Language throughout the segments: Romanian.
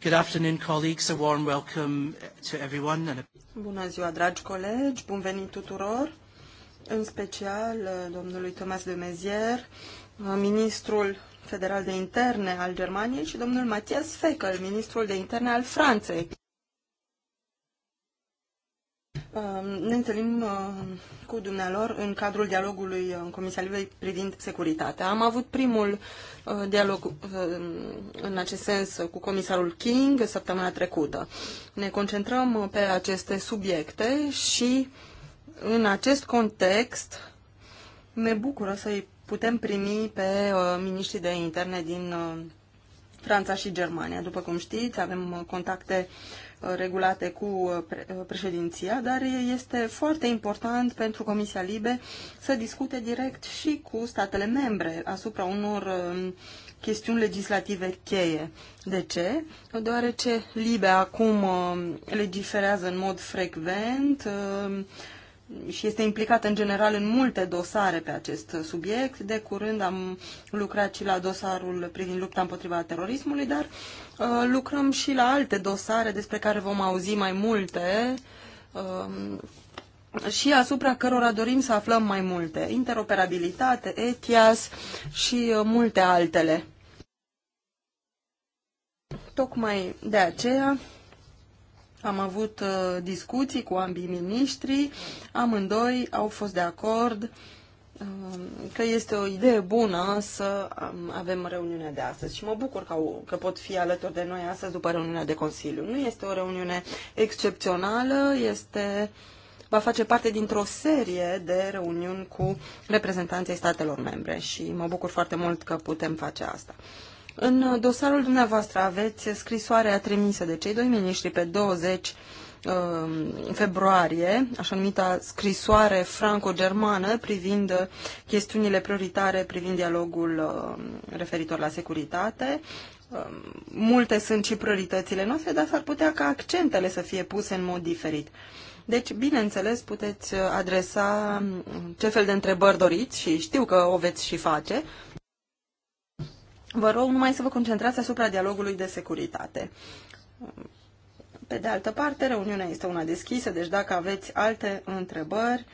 Good afternoon, colleagues. A warm welcome to everyone. Bună ziua, dragi colegi. Bun venit tuturor, în special uh, domnului Thomas de Mezier, uh, ministrul federal de interne al Germaniei și domnul Matthias Feckel, ministrul de interne al Franței. întâlnim uh, cu dumnealor în cadrul dialogului uh, în Comisia Librei privind securitatea. Am avut primul uh, dialog în acest sens cu comisarul King săptămâna trecută. Ne concentrăm pe aceste subiecte și în acest context ne bucură să-i putem primi pe miniștrii de interne din Franța și Germania. După cum știți, avem contacte uh, Uh, regulate cu uh, uh, președinția, dar este foarte important pentru Comisia Libe să discute direct și cu statele membre asupra unor um, chestiuni legislative cheie. De ce? Deoarece Libe acum legiferează în mod frecvent, și este implicat în general în multe dosare pe acest subiect. De curând am lucrat și la dosarul privind lupta împotriva terorismului, dar uh, lucrăm și la alte dosare despre care vom auzi mai multe um, și asupra cărora dorim să aflăm mai multe. Interoperabilitate, ETIAS și uh, multe altele. Tocmai de aceea am avut uh, discuții cu ambii miniștri, amândoi au fost de acord um, că este o idee bună să um, avem reuniunea de astăzi și mă bucur că, au, că pot fi alături de noi astăzi după reuniunea de Consiliu. Nu este o reuniune excepțională, este, va face parte dintr-o serie de reuniuni cu reprezentanții statelor membre și mă bucur foarte mult că putem face asta. În dosarul dumneavoastră aveți scrisoarea trimisă de cei doi miniștri pe 20 um, februarie, așa numita scrisoare franco-germană privind chestiunile prioritare privind dialogul um, referitor la securitate. Um, multe sunt și prioritățile noastre, dar s-ar putea ca accentele să fie puse în mod diferit. Deci, bineînțeles, puteți adresa ce fel de întrebări doriți și știu că o veți și face, Vă rog numai să vă concentrați asupra dialogului de securitate. Pe de altă parte, reuniunea este una deschisă, deci dacă aveți alte întrebări,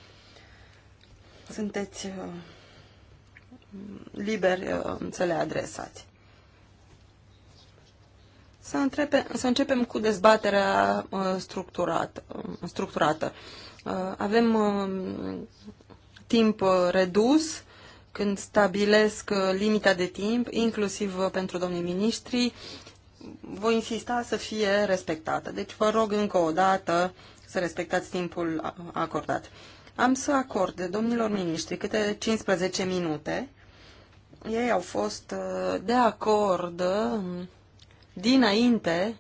sunteți uh, liberi uh, să le adresați. Să, întrepe, să începem cu dezbaterea uh, structurată. Avem timp redus când stabilesc uh, limita de timp, inclusiv uh, pentru domnii miniștri, voi insista să fie respectată. Deci vă rog încă o dată să respectați timpul acordat. Am să acord domnilor miniștri câte 15 minute. Ei au fost uh, de acord um, dinainte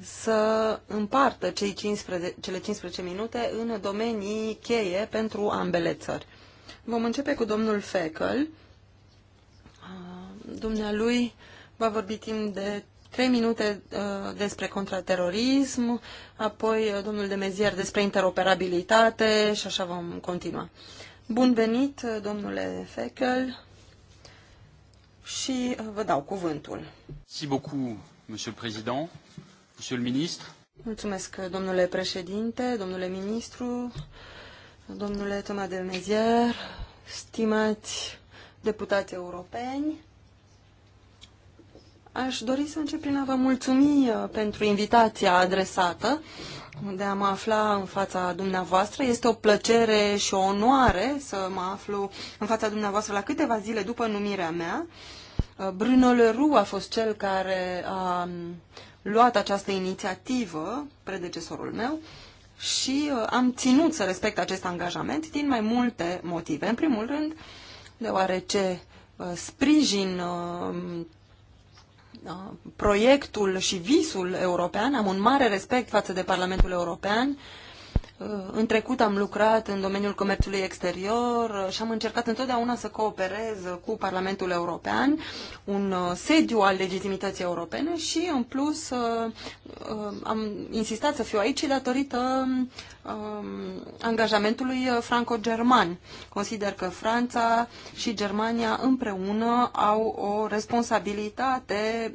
să împartă cei 15, cele 15 minute în domenii cheie pentru ambele țări. Vom începe cu domnul Fekel. Uh, dumnealui va vorbi timp de 3 minute uh, despre contraterorism, apoi uh, domnul de Mezier despre interoperabilitate și așa vom continua. Bun venit, domnule Fekel, și vă dau cuvântul. beaucoup, monsieur le président, monsieur le ministre. Mulțumesc, domnule președinte, domnule ministru, Domnule Toma de Mezier, stimați deputați europeni, aș dori să încep prin a vă mulțumi uh, pentru invitația adresată de a mă afla în fața dumneavoastră. Este o plăcere și o onoare să mă aflu în fața dumneavoastră la câteva zile după numirea mea. Uh, Bruno Leroux a fost cel care a um, luat această inițiativă, predecesorul meu, și uh, am ținut să respect acest angajament din mai multe motive. În primul rând, deoarece uh, sprijin uh, proiectul și visul european, am un mare respect față de Parlamentul European în trecut am lucrat în domeniul comerțului exterior și am încercat întotdeauna să cooperez cu Parlamentul European, un uh, sediu al legitimității europene și, în plus, uh, uh, am insistat să fiu aici datorită um, angajamentului franco-german. Consider că Franța și Germania împreună au o responsabilitate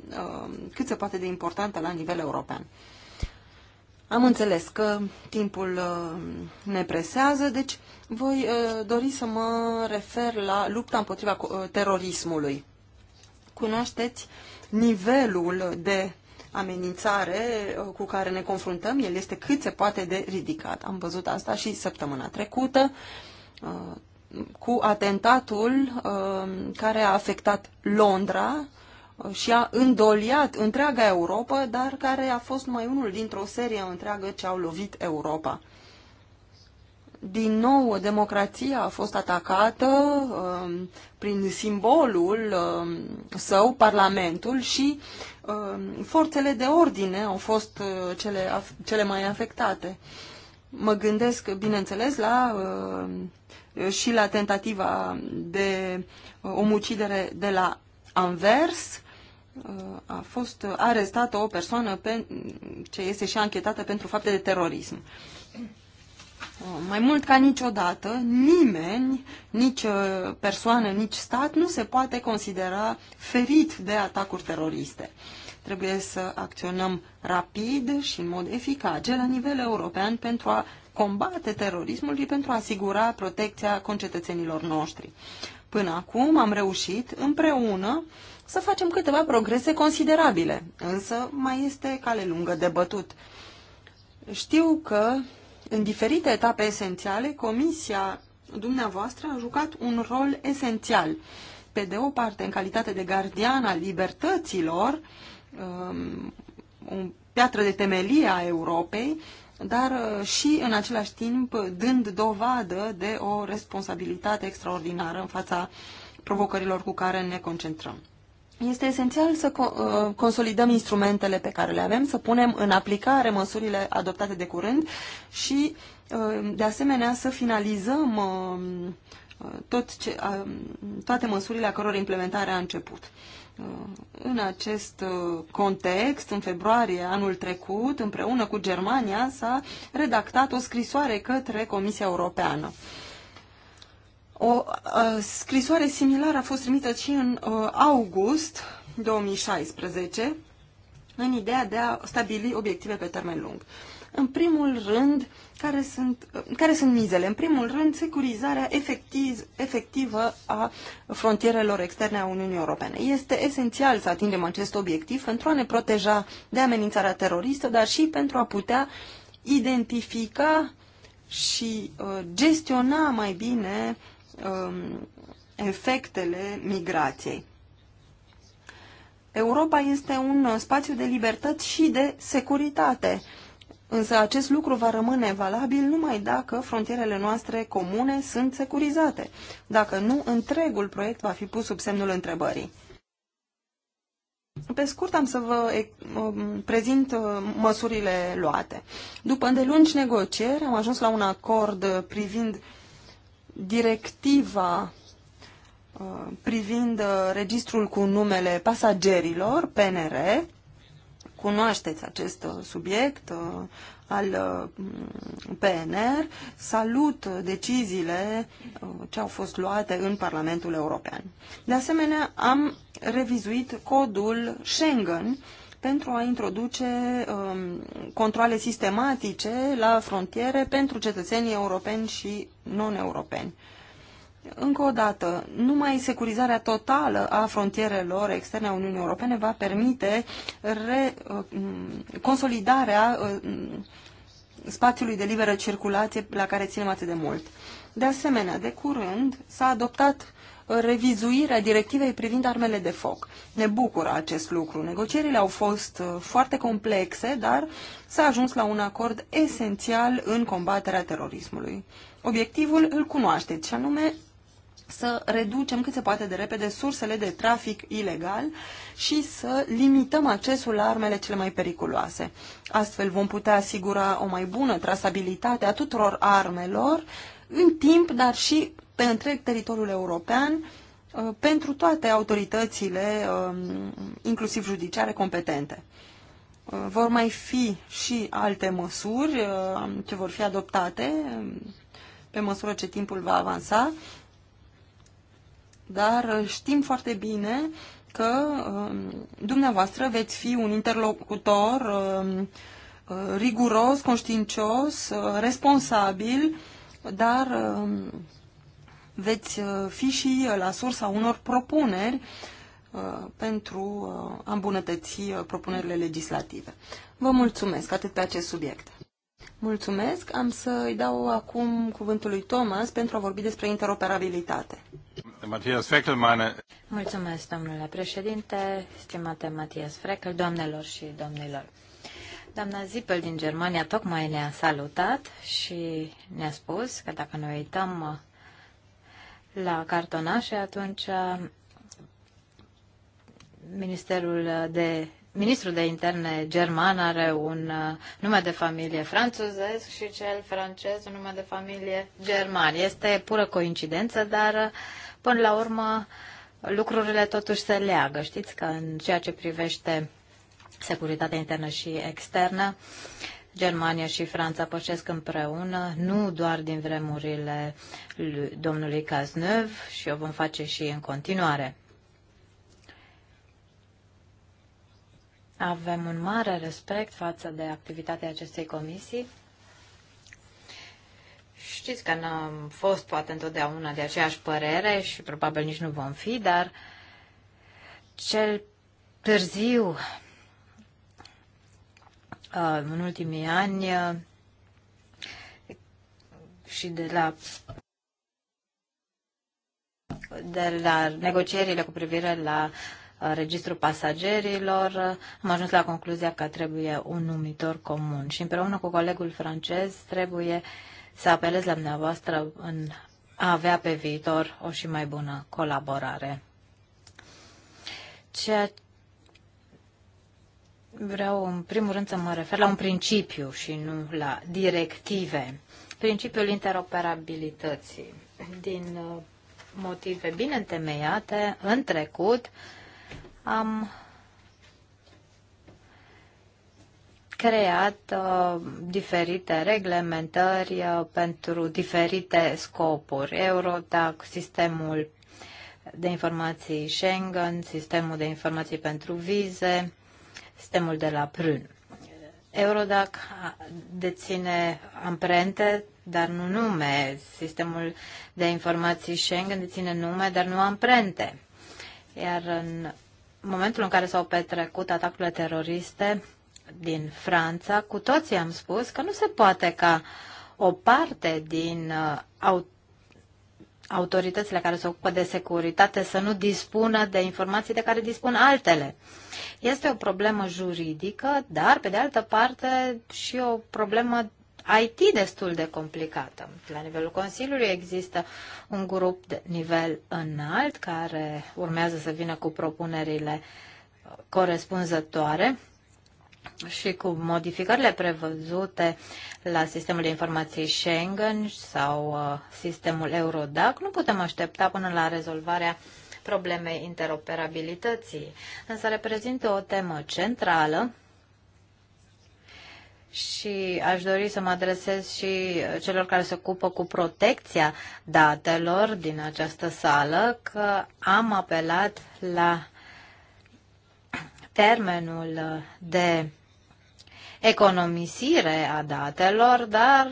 cât se poate de importantă la nivel european. Am înțeles că timpul uh, ne presează, deci voi uh, dori să mă refer la lupta împotriva uh, terorismului. Cunoașteți nivelul de amenințare cu care ne confruntăm, el este cât se poate de ridicat. Am văzut asta și săptămâna trecută cu atentatul care a afectat Londra și a îndoliat întreaga Europa, dar care a fost numai unul dintr-o serie întreagă ce au lovit Europa. Din nou, democrația a fost atacată uh, prin simbolul uh, său, Parlamentul, și uh, forțele de ordine au fost uh, cele, af- cele mai afectate. Mă gândesc, bineînțeles, la uh, și la tentativa de uh, omucidere de la Anvers a fost arestată o persoană pe, ce este și anchetată pentru fapte de terorism. Mai mult ca niciodată, nimeni, nici uh, persoană, nici stat nu se poate considera ferit de atacuri teroriste. Trebuie să acționăm rapid și în mod eficace la nivel european pentru a combate terorismul și pentru a asigura protecția concetățenilor noștri. Până acum am reușit împreună să facem câteva progrese considerabile, însă mai este cale lungă de bătut. Știu că în diferite etape esențiale, Comisia dumneavoastră a jucat un rol esențial. Pe de o parte, în calitate de gardian al libertăților, um, o piatră de temelie a Europei, dar uh, și în același timp dând dovadă de o responsabilitate extraordinară în fața provocărilor cu care ne concentrăm. Este esențial să uh, consolidăm instrumentele pe care le avem, să punem în aplicare măsurile adoptate de curând și, uh, de asemenea, să finalizăm uh, tot ce, toate măsurile a căror implementare a început. În acest context, în februarie anul trecut, împreună cu Germania, s-a redactat o scrisoare către Comisia Europeană o uh, scrisoare similară a fost trimisă și în uh, august 2016 în ideea de a stabili obiective pe termen lung. În primul rând, care sunt, care sunt mizele? În primul rând, securizarea efectiv, efectivă a frontierelor externe a Uniunii Europene. Este esențial să atingem acest obiectiv pentru a ne proteja de amenințarea teroristă, dar și pentru a putea identifica și uh, gestiona mai bine um, efectele migrației. Europa este un spațiu de libertăți și de securitate, însă acest lucru va rămâne valabil numai dacă frontierele noastre comune sunt securizate. Dacă nu, întregul proiect va fi pus sub semnul întrebării. Pe scurt am să vă um, prezint uh, măsurile luate. După îndelungi negocieri am ajuns la un acord privind directiva uh, privind uh, registrul cu numele pasagerilor, PNR, cunoașteți acest uh, subiect al PNR, salut deciziile ce au fost luate în Parlamentul European. De asemenea, am revizuit codul Schengen pentru a introduce um, controle sistematice la frontiere pentru cetățenii europeni și non-europeni. Încă o dată, numai securizarea totală a frontierelor externe a Uniunii Europene va permite re, uh, consolidarea uh, spațiului de liberă circulație la care ținem atât de mult. De asemenea, de curând s-a adoptat revizuirea directivei privind armele de foc. Ne bucură acest lucru. Negocierile au fost uh, foarte complexe, dar s-a ajuns la un acord esențial în combaterea terorismului. Obiectivul îl cunoașteți, și anume să reducem cât se poate de repede sursele de trafic ilegal și să limităm accesul la armele cele mai periculoase. Astfel vom putea asigura o mai bună trasabilitate a tuturor armelor în timp, dar și pe întreg teritoriul european uh, pentru toate autoritățile, um, inclusiv judiciare, competente. Uh, vor mai fi și alte măsuri uh, ce vor fi adoptate um, pe măsură ce timpul va avansa, dar știm foarte bine că um, dumneavoastră veți fi un interlocutor riguros, conștiincios, responsabil, dar veți uh, fi și uh, la sursa unor propuneri uh, pentru a îmbunătăți propunerile legislative. Vă mulțumesc atât pe acest subiect. Mulțumesc. Am să i dau acum cuvântul lui Thomas pentru a vorbi despre interoperabilitate. Matthias Freckel, meine... Mulțumesc, domnule președinte, stimate Matias Freckel, doamnelor și domnilor. Doamna Zipel din Germania tocmai ne-a salutat și ne-a spus că dacă ne uităm la cartonașe, atunci uh, Ministerul de Ministrul de Interne german are un uh, nume de familie franțuzesc și cel francez un nume de familie german. Este pură coincidență, dar uh, până la urmă lucrurile totuși se leagă. Știți că în ceea ce privește securitatea internă și externă, Germania și Franța pășesc împreună, nu doar din vremurile lui domnului Cazneuve și o vom face și în continuare. Avem un mare respect față de activitatea acestei comisii. Știți că n-am fost poate întotdeauna de aceeași părere și probabil nici nu vom fi, dar cel târziu Uh, în ultimii ani uh, și de la de la negocierile cu privire la uh, registrul pasagerilor, am ajuns la concluzia că trebuie un numitor comun și împreună cu colegul francez trebuie să apelez la dumneavoastră în a avea pe viitor o și mai bună colaborare. Ceea Vreau în primul rând să mă refer la un principiu și nu la directive. Principiul interoperabilității. Din uh, motive bine întemeiate, în trecut am creat uh, diferite reglementări uh, pentru diferite scopuri. Eurodac, sistemul de informații Schengen, sistemul de informații pentru vize, sistemul de la Prun. Eurodac deține amprente, dar nu nume. Sistemul de informații Schengen deține nume, dar nu amprente. Iar în momentul în care s-au petrecut atacurile teroriste din Franța, cu toții am spus că nu se poate ca o parte din uh, autoritățile care se ocupă de securitate să nu dispună de informații de care dispun altele. Este o problemă juridică, dar, pe de altă parte, și o problemă IT destul de complicată. La nivelul Consiliului există un grup de nivel înalt care urmează să vină cu propunerile corespunzătoare și cu modificările prevăzute la sistemul de informații Schengen sau uh, sistemul Eurodac, nu putem aștepta până la rezolvarea uh, problemei interoperabilității, însă reprezintă o temă centrală și aș dori să mă adresez și celor care se ocupă cu protecția datelor din această sală că am apelat la termenul de economisire a datelor, dar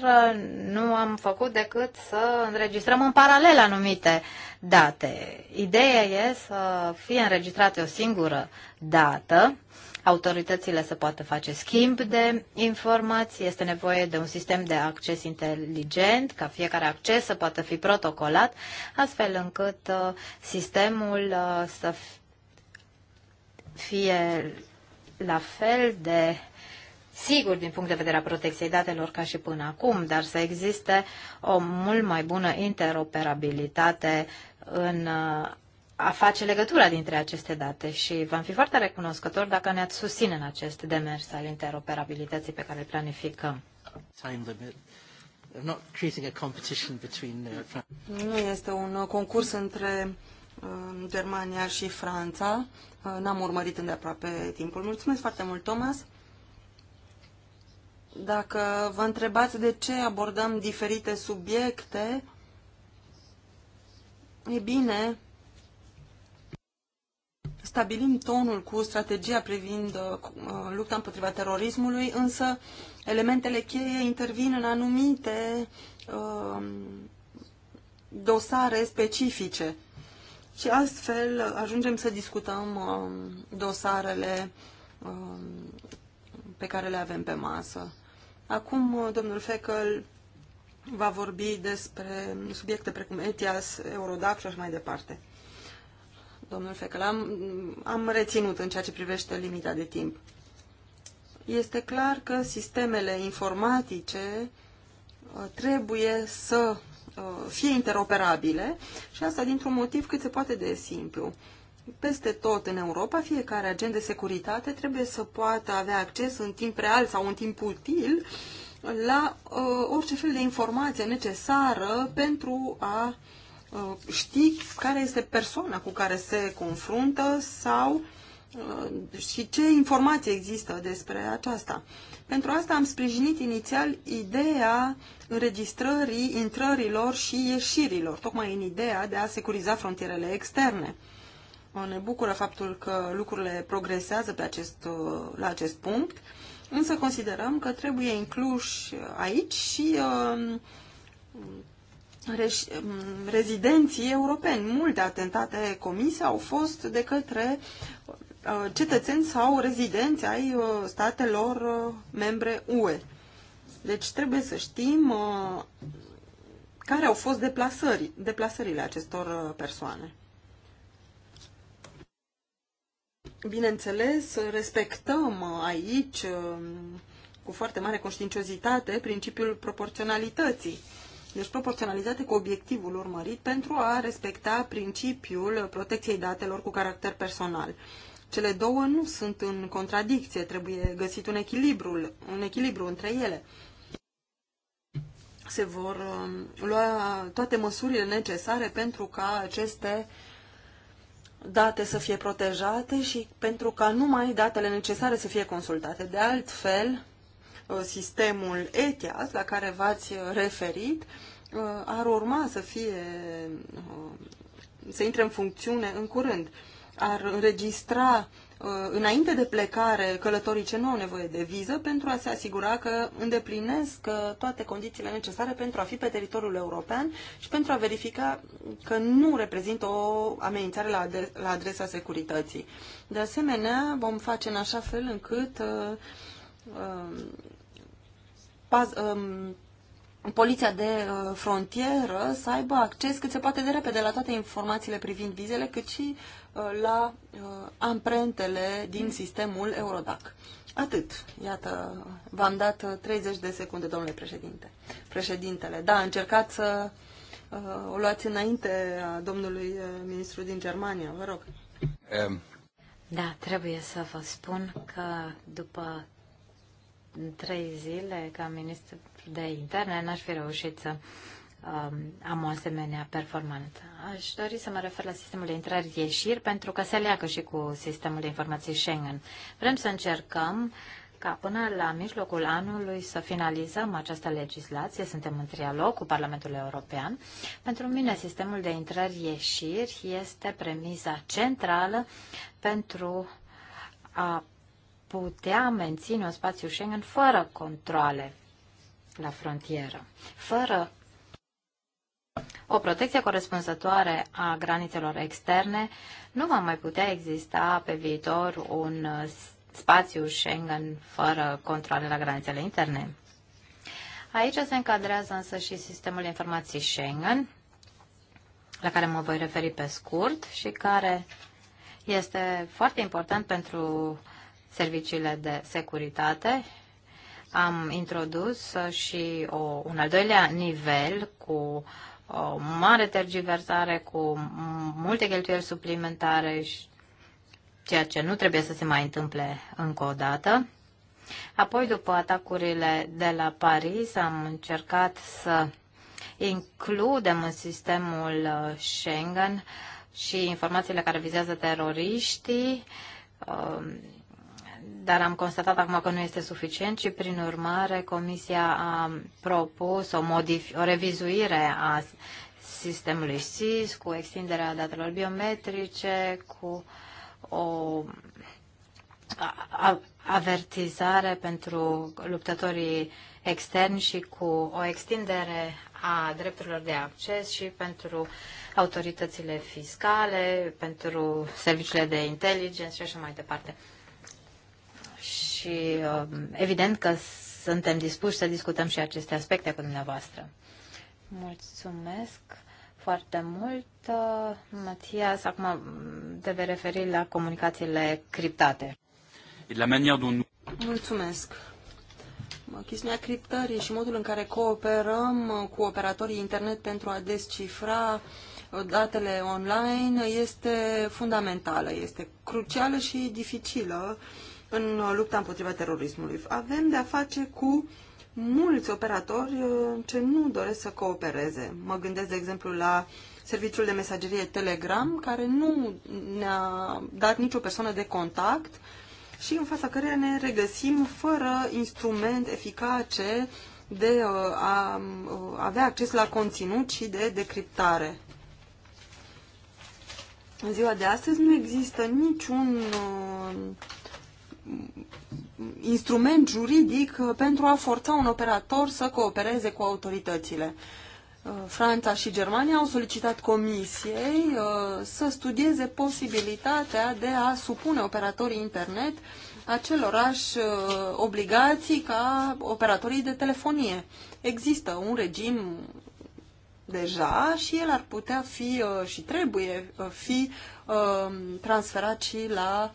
nu am făcut decât să înregistrăm în paralel anumite date. Ideea e să fie înregistrate o singură dată, autoritățile să poată face schimb de informații, este nevoie de un sistem de acces inteligent, ca fiecare acces să poată fi protocolat, astfel încât uh, sistemul uh, să fie la fel de sigur din punct de vedere a protecției datelor ca și până acum, dar să existe o mult mai bună interoperabilitate în uh, a face legătura dintre aceste date și v-am fi foarte recunoscător dacă ne-ați susține în acest demers al interoperabilității pe care îl planificăm. Uh, nu este un concurs între um, Germania și Franța. Uh, n-am urmărit îndeaproape timpul. Mulțumesc foarte mult, Thomas. Dacă vă întrebați de ce abordăm diferite subiecte, E bine, stabilim tonul cu strategia privind uh, uh, lupta împotriva terorismului, însă elementele cheie intervin în anumite uh, dosare specifice. Și astfel ajungem să discutăm uh, dosarele uh, pe care le avem pe masă. Acum, uh, domnul Fecăl va vorbi despre subiecte precum ETIAS, Eurodac și așa mai departe. Domnul Fecăl, am, am reținut în ceea ce privește limita de timp. Este clar că sistemele informatice uh, trebuie să uh, fie interoperabile și asta dintr-un motiv cât se poate de simplu. Peste tot în Europa, fiecare agent de securitate trebuie să poată avea acces în timp real sau în timp util uh, la uh, orice fel de informație necesară pentru a uh, ști care este persoana cu care se confruntă sau uh, și ce informație există despre aceasta. Pentru asta am sprijinit inițial ideea înregistrării intrărilor și ieșirilor, tocmai în ideea de a securiza frontierele externe. Ne bucură faptul că lucrurile progresează pe acest, uh, la acest punct Însă considerăm că trebuie incluși uh, aici și um, um, rezidenții europeni. Multe atentate comise au fost de către uh, cetățeni sau rezidenți ai uh, statelor membre UE. Deci trebuie să știm care au fost deplasări, deplasările acestor persoane. Bineînțeles, respectăm aici um, cu foarte mare conștiinciozitate principiul proporționalității. Deci proporționalitate cu obiectivul urmărit pentru a respecta principiul protecției datelor cu caracter personal. Cele două nu sunt în contradicție, trebuie găsit un echilibru, un echilibru între ele. Se vor um, lua toate măsurile necesare pentru ca aceste uh, date să fie protejate și pentru ca numai datele necesare să fie consultate. De altfel, uh, sistemul ETIAS la care v-ați referit uh, ar urma să fie uh, să intre în funcțiune în curând. Ar înregistra Uh, înainte de plecare, călătorii ce nu au nevoie de viză pentru a se asigura că îndeplinesc uh, toate condițiile necesare pentru a fi pe teritoriul european și pentru a verifica că nu reprezintă o amenințare la, adresa securității. De asemenea, vom face în așa fel încât uh, uh, poliția de uh, frontieră să aibă acces cât se poate de repede la toate informațiile privind vizele, cât și uh, la uh, amprentele din sistemul Eurodac. Atât. Iată, v-am dat 30 de secunde, domnule președinte. Președintele, da, încercați să o luați înainte a domnului ministru din Germania, vă rog. Da, trebuie să vă spun că după trei zile ca ministru de interne, n-aș fi reușit să um, am o asemenea performanță. Aș dori să mă refer la sistemul de intrări-ieșiri, pentru că se leagă și cu sistemul de informații Schengen. Vrem să încercăm ca până la mijlocul anului să finalizăm această legislație. Suntem în trialog cu Parlamentul European. Pentru mine, sistemul de intrări-ieșiri este premiza centrală pentru a putea menține un spațiu Schengen fără controle la frontieră. Fără o protecție corespunzătoare a granițelor externe nu va mai putea exista pe viitor un spațiu Schengen fără controle la granițele interne. Aici se încadrează însă și sistemul informației Schengen, la care mă voi referi pe scurt și care este foarte important pentru serviciile de securitate am introdus uh, și o, un al doilea nivel cu o mare tergiversare, cu multe cheltuieli suplimentare, și ceea ce nu trebuie să se mai întâmple încă o dată. Apoi, după atacurile de la Paris, am încercat să includem în sistemul uh, Schengen și informațiile care vizează teroriștii uh, dar am constatat acum că nu este suficient și, prin urmare, Comisia a propus o, modifi- o revizuire a sistemului SIS cu extinderea datelor biometrice, cu o avertizare pentru luptătorii externi și cu o extindere a drepturilor de acces și pentru autoritățile fiscale, pentru serviciile de inteligență și așa mai departe și um, evident că suntem dispuși să discutăm și aceste aspecte cu dumneavoastră. Mulțumesc foarte mult, uh, Matias. Acum te vei referi la comunicațiile criptate. Mulțumesc. Chestiunea criptării și modul în care cooperăm uh, cu operatorii internet pentru a descifra uh, datele online este fundamentală, este crucială și dificilă în lupta împotriva terorismului. Avem de-a face cu mulți operatori uh, ce nu doresc să coopereze. Mă gândesc, de exemplu, la serviciul de mesagerie Telegram, care nu ne-a dat nicio persoană de contact și în fața căreia ne regăsim fără instrument eficace de uh, a uh, avea acces la conținut și de decriptare. În ziua de astăzi nu există niciun instrument juridic uh, pentru a forța un operator să coopereze cu autoritățile. Uh, Franța și Germania au solicitat comisiei uh, să studieze posibilitatea de a supune operatorii internet acelorași obligații ca operatorii de telefonie. Există un regim deja și el ar putea fi și trebuie fi transferat și la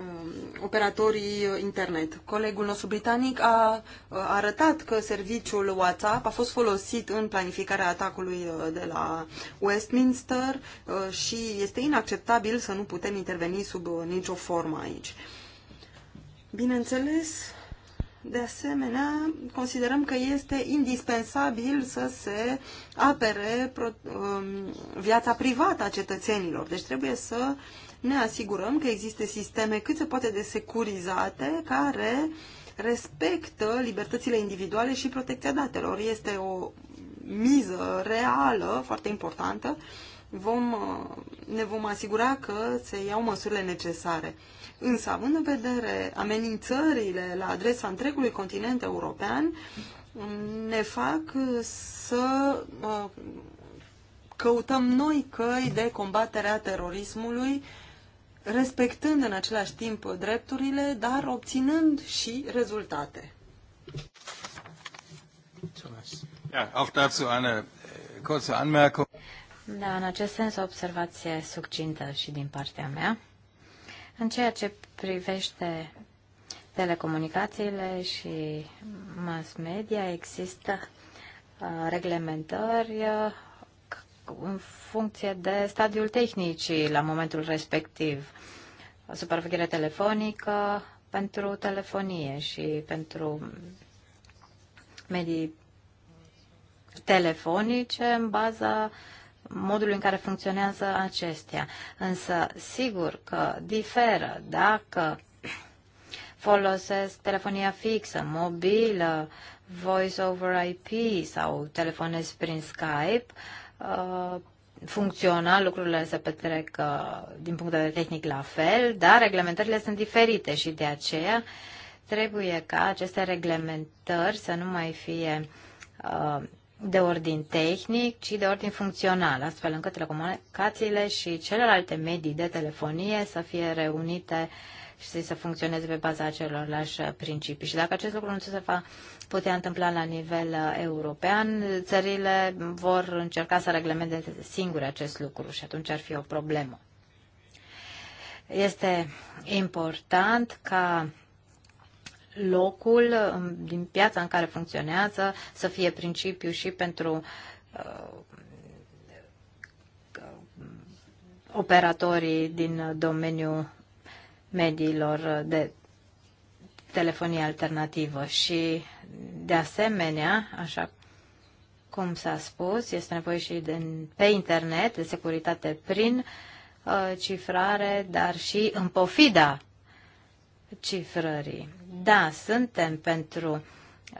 Um, operatorii internet. Colegul nostru britanic a uh, arătat că serviciul WhatsApp a fost folosit în planificarea atacului uh, de la Westminster uh, și este inacceptabil să nu putem interveni sub nicio formă aici. Bineînțeles, de asemenea, considerăm că este indispensabil să se apere um, viața privată a cetățenilor. Deci trebuie să uh, ne asigurăm că există sisteme cât se poate de securizate care respectă libertățile individuale și protecția datelor. Este o miză reală, foarte importantă. Vom, ne vom asigura că se iau măsurile necesare. Însă, având în vedere amenințările la adresa întregului continent european, ne fac să uh, căutăm noi căi de combatere a terorismului respectând în același timp drepturile, dar obținând și rezultate. dazu eine äh, kurze Anmerkung. Da, în acest sens o observație succintă și din partea mea. În ceea ce privește telecomunicațiile și mass media, există uh, reglementări uh, în funcție de stadiul tehnicii la momentul respectiv. O supraveghere telefonică pentru telefonie și pentru medii telefonice în baza modului în care funcționează acestea. Însă, sigur că diferă dacă folosesc telefonia fixă, mobilă, voice over IP sau telefonez prin Skype, uh, Uh, funcționa, lucrurile se petrec uh, din punct de vedere tehnic la fel, dar reglementările sunt diferite și de aceea trebuie ca aceste reglementări să nu mai fie uh, de ordin tehnic, ci de ordin funcțional, astfel încât telecomunicațiile și celelalte medii de telefonie să fie reunite uh, și să funcționeze pe baza acelorlași principii. Și dacă acest lucru nu se va putea întâmpla la nivel uh, european, țările vor încerca să reglementeze singure acest lucru și atunci ar fi o problemă. Este important ca locul um, din piața în care funcționează să fie principiu și pentru uh, operatorii din domeniul mediilor de telefonie alternativă și, de asemenea, așa cum s-a spus, este nevoie și de, pe internet de securitate prin uh, cifrare, dar și în pofida cifrării. Da, suntem pentru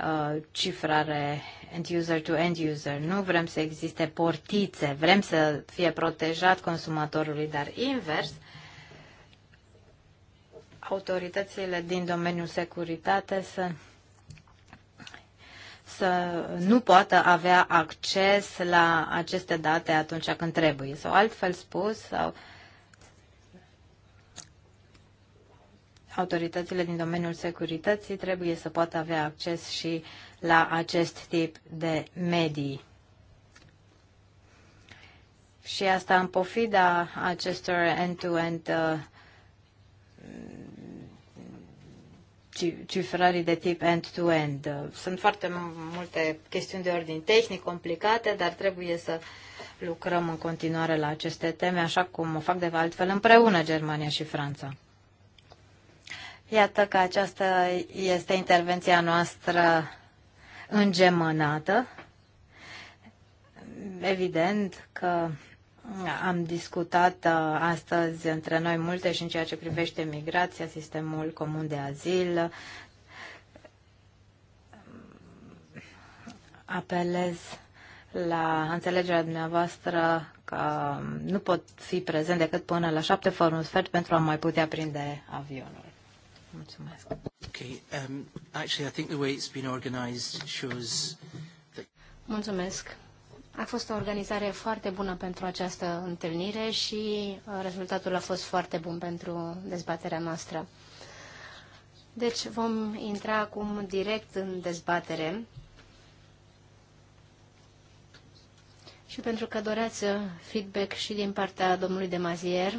uh, cifrare end-user to end-user. Nu vrem să existe portițe, vrem să fie protejat consumatorului, dar invers – autoritățile din domeniul securitate să să nu poată avea acces la aceste date atunci când trebuie. Sau altfel spus, sau autoritățile din domeniul securității trebuie să poată avea acces și la acest tip de medii. Și asta în pofida acestor end-to-end -end, uh, cifrării de tip end-to-end. -end. Sunt foarte multe chestiuni de ordin tehnic complicate, dar trebuie să lucrăm în continuare la aceste teme, așa cum o fac de altfel împreună Germania și Franța. Iată că aceasta este intervenția noastră îngemănată. Evident că am discutat uh, astăzi între noi multe și în ceea ce privește migrația, sistemul comun de azil. Apelez la înțelegerea dumneavoastră că nu pot fi prezent decât până la șapte fără un sfert pentru a mai putea prinde avionul. Mulțumesc. Okay. Um, actually, I think the way it's been organized shows that... Mulțumesc. A fost o organizare foarte bună pentru această întâlnire și uh, rezultatul a fost foarte bun pentru dezbaterea noastră. Deci vom intra acum direct în dezbatere. Și pentru că doreați feedback și din partea domnului de Mazier,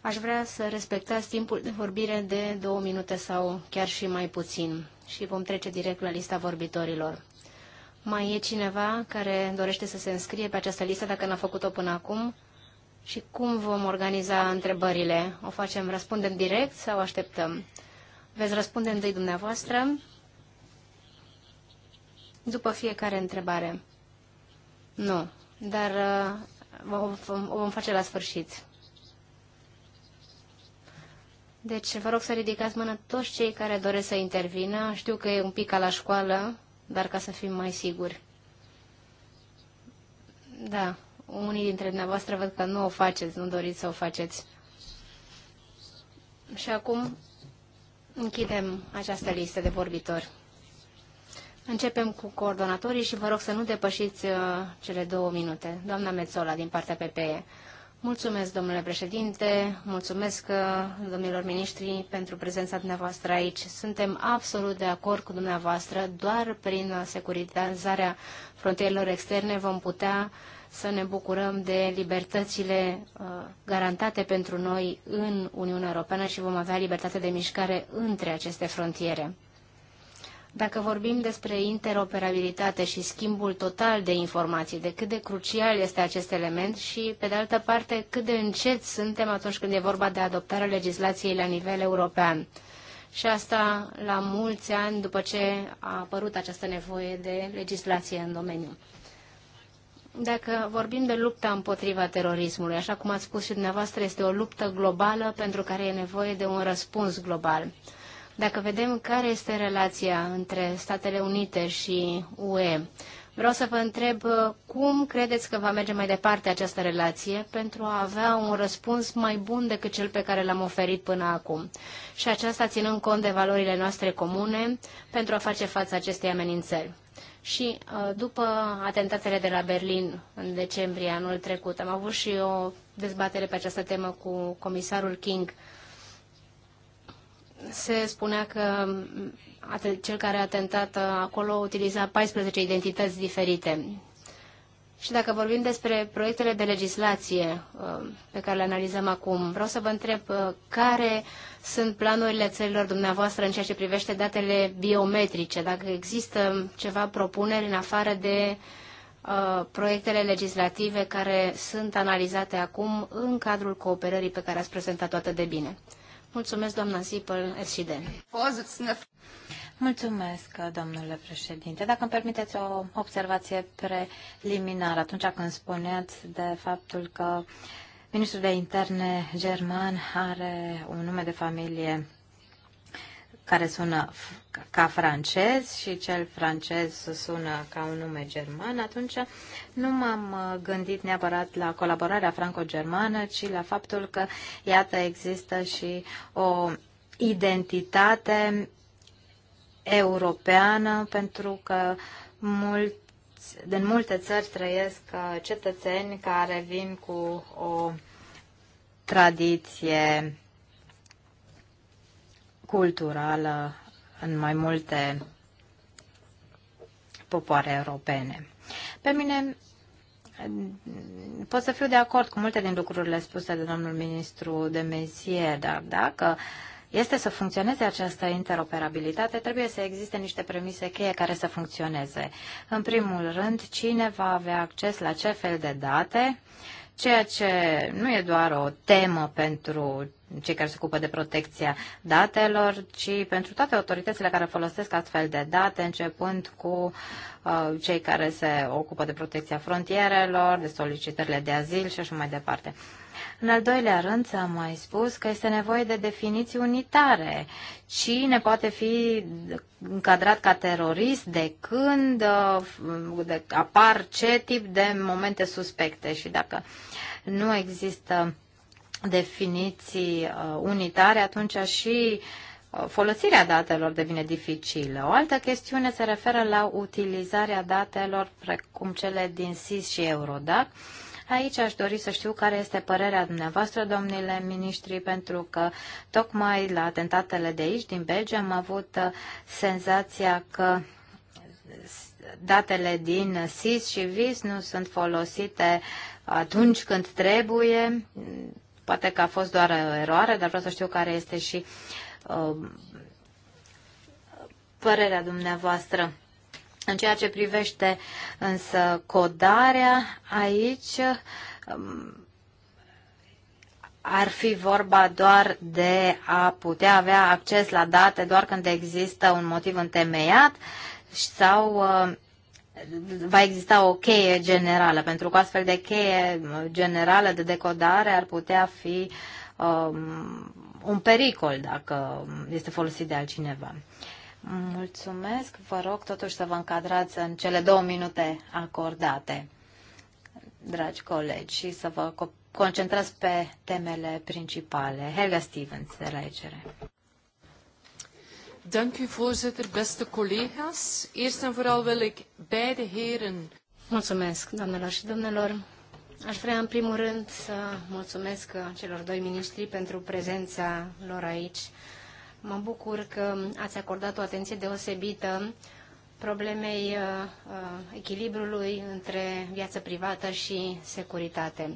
aș vrea să respectați timpul de vorbire de două minute sau chiar și mai puțin. Și vom trece direct la lista vorbitorilor. Mai e cineva care dorește să se înscrie pe această listă dacă n-a făcut-o până acum? Și cum vom organiza întrebările? O facem, răspundem direct sau așteptăm? Veți răspunde întâi dumneavoastră după fiecare întrebare. Nu, dar uh, o vom face la sfârșit. Deci vă rog să ridicați mâna toți cei care doresc să intervină. Știu că e un pic ca la școală, dar ca să fim mai siguri. Da, unii dintre dumneavoastră văd că nu o faceți, nu doriți să o faceți. Și acum închidem această listă de vorbitori. Începem cu coordonatorii și vă rog să nu depășiți uh, cele două minute. Doamna Mețola, din partea PPE. Mulțumesc, domnule președinte, mulțumesc uh, domnilor miniștri pentru prezența dumneavoastră aici. Suntem absolut de acord cu dumneavoastră, doar prin securitizarea frontierelor externe vom putea să ne bucurăm de libertățile uh, garantate pentru noi în Uniunea Europeană și vom avea libertate de mișcare între aceste frontiere. Dacă vorbim despre interoperabilitate și schimbul total de informații, de cât de crucial este acest element și, pe de altă parte, cât de încet suntem atunci când e vorba de adoptarea legislației la nivel european. Și asta la mulți ani după ce a apărut această nevoie de legislație în domeniu. Dacă vorbim de lupta împotriva terorismului, așa cum ați spus și dumneavoastră, este o luptă globală pentru care e nevoie de un răspuns global. Dacă vedem care este relația între Statele Unite și UE, vreau să vă întreb uh, cum credeți că va merge mai departe această relație pentru a avea un răspuns mai bun decât cel pe care l-am oferit până acum. Și aceasta ținând cont de valorile noastre comune pentru a face față acestei amenințări. Și uh, după atentatele de la Berlin în decembrie anul trecut, am avut și o dezbatere pe această temă cu comisarul King se spunea că cel care a atentat acolo utiliza 14 identități diferite. Și dacă vorbim despre proiectele de legislație uh, pe care le analizăm acum, vreau să vă întreb uh, care sunt planurile țărilor dumneavoastră în ceea ce privește datele biometrice, dacă există ceva propuneri în afară de uh, proiectele legislative care sunt analizate acum în cadrul cooperării pe care ați prezentat-o atât de bine. Mulțumesc, doamna Zipăl, FCD. Mulțumesc, domnule președinte. Dacă îmi permiteți o observație preliminară, atunci când spuneați de faptul că ministrul de interne german are un nume de familie care sună ca francez și cel francez sună ca un nume german, atunci nu m-am uh, gândit neapărat la colaborarea franco-germană, ci la faptul că, iată, există și o identitate europeană, pentru că mult, din multe țări trăiesc uh, cetățeni care vin cu o tradiție culturală în mai multe popoare europene. Pe mine pot să fiu de acord cu multe din lucrurile spuse de domnul ministru de Mesie, dar dacă este să funcționeze această interoperabilitate, trebuie să existe niște premise cheie care să funcționeze. În primul rând, cine va avea acces la ce fel de date, ceea ce nu e doar o temă pentru cei care se ocupă de protecția datelor, ci pentru toate autoritățile care folosesc astfel de date, începând cu uh, cei care se ocupă de protecția frontierelor, de solicitările de azil și așa mai departe. În al doilea rând, s-a mai spus că este nevoie de definiții unitare. Cine poate fi încadrat ca terorist, de când uh, de, apar ce tip de momente suspecte și dacă nu există uh, definiții uh, unitare, atunci și uh, folosirea datelor devine dificilă. O altă chestiune se referă la utilizarea datelor precum cele din SIS și Eurodac. Aici aș dori să știu care este părerea dumneavoastră, domnile ministri, pentru că tocmai la atentatele de aici, din Belgia, am avut uh, senzația că datele din SIS și VIS nu sunt folosite atunci când trebuie, Poate că a fost doar o eroare, dar vreau să știu care este și um, părerea dumneavoastră. În ceea ce privește însă codarea, aici um, ar fi vorba doar de a putea avea acces la date doar când există un motiv întemeiat sau uh, va exista o cheie generală, pentru că astfel de cheie generală de decodare ar putea fi um, un pericol dacă este folosit de altcineva. Mulțumesc. Vă rog totuși să vă încadrați în cele două minute acordate, dragi colegi, și să vă concentrați pe temele principale. Helga Stevens, de la ECR. Dank u voorzitter, beste collega's. Eerst en vooral wil ik beide heren... Mulțumesc, doamnelor și domnilor. Aș vrea în primul rând să mulțumesc celor doi miniștri pentru prezența lor aici. Mă bucur că ați acordat o atenție deosebită problemei uh, uh, echilibrului între viață privată și securitate.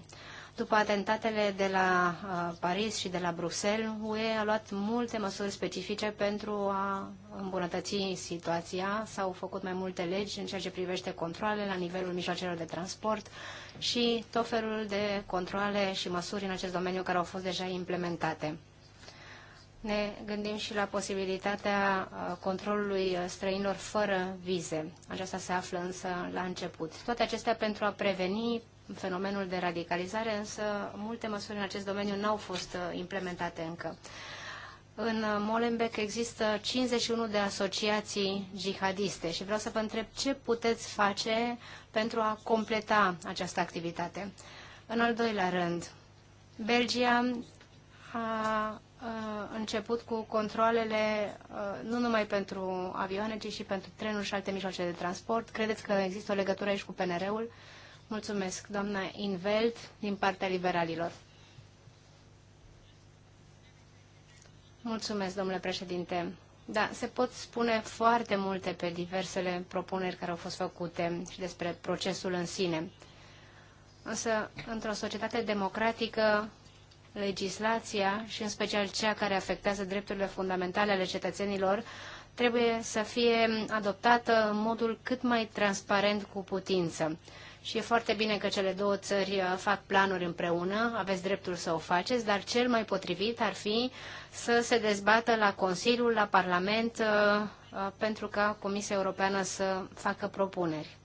După atentatele de la uh, Paris și de la Bruxelles, UE a luat multe măsuri specifice pentru a îmbunătăți situația. S-au făcut mai multe legi în ceea ce privește controle la nivelul mijloacelor de transport și tot felul de controle și măsuri în acest domeniu care au fost deja implementate. Ne gândim și la posibilitatea uh, controlului uh, străinilor fără vize. Aceasta se află însă la început. Toate acestea pentru a preveni fenomenul de radicalizare, însă multe măsuri în acest domeniu n-au fost uh, implementate încă. În uh, Molenbeek există 51 de asociații jihadiste și vreau să vă întreb ce puteți face pentru a completa această activitate. În al doilea rând, Belgia a uh, început cu controlele nu numai pentru avioane, ci și pentru trenuri și alte mijloace de transport. Credeți că există o legătură aici cu PNR-ul? Mulțumesc, doamna Inveld, din partea liberalilor. Mulțumesc, domnule președinte. Da, se pot spune foarte multe pe diversele propuneri care au fost făcute și despre procesul în sine. Însă, într-o societate democratică, legislația și în special cea care afectează drepturile fundamentale ale cetățenilor trebuie să fie adoptată în modul cât mai transparent cu putință și e foarte bine că cele două țări uh, fac planuri împreună, aveți dreptul să o faceți, dar cel mai potrivit ar fi să se dezbată la Consiliul, la Parlament, uh, uh, pentru ca Comisia Europeană să facă propuneri.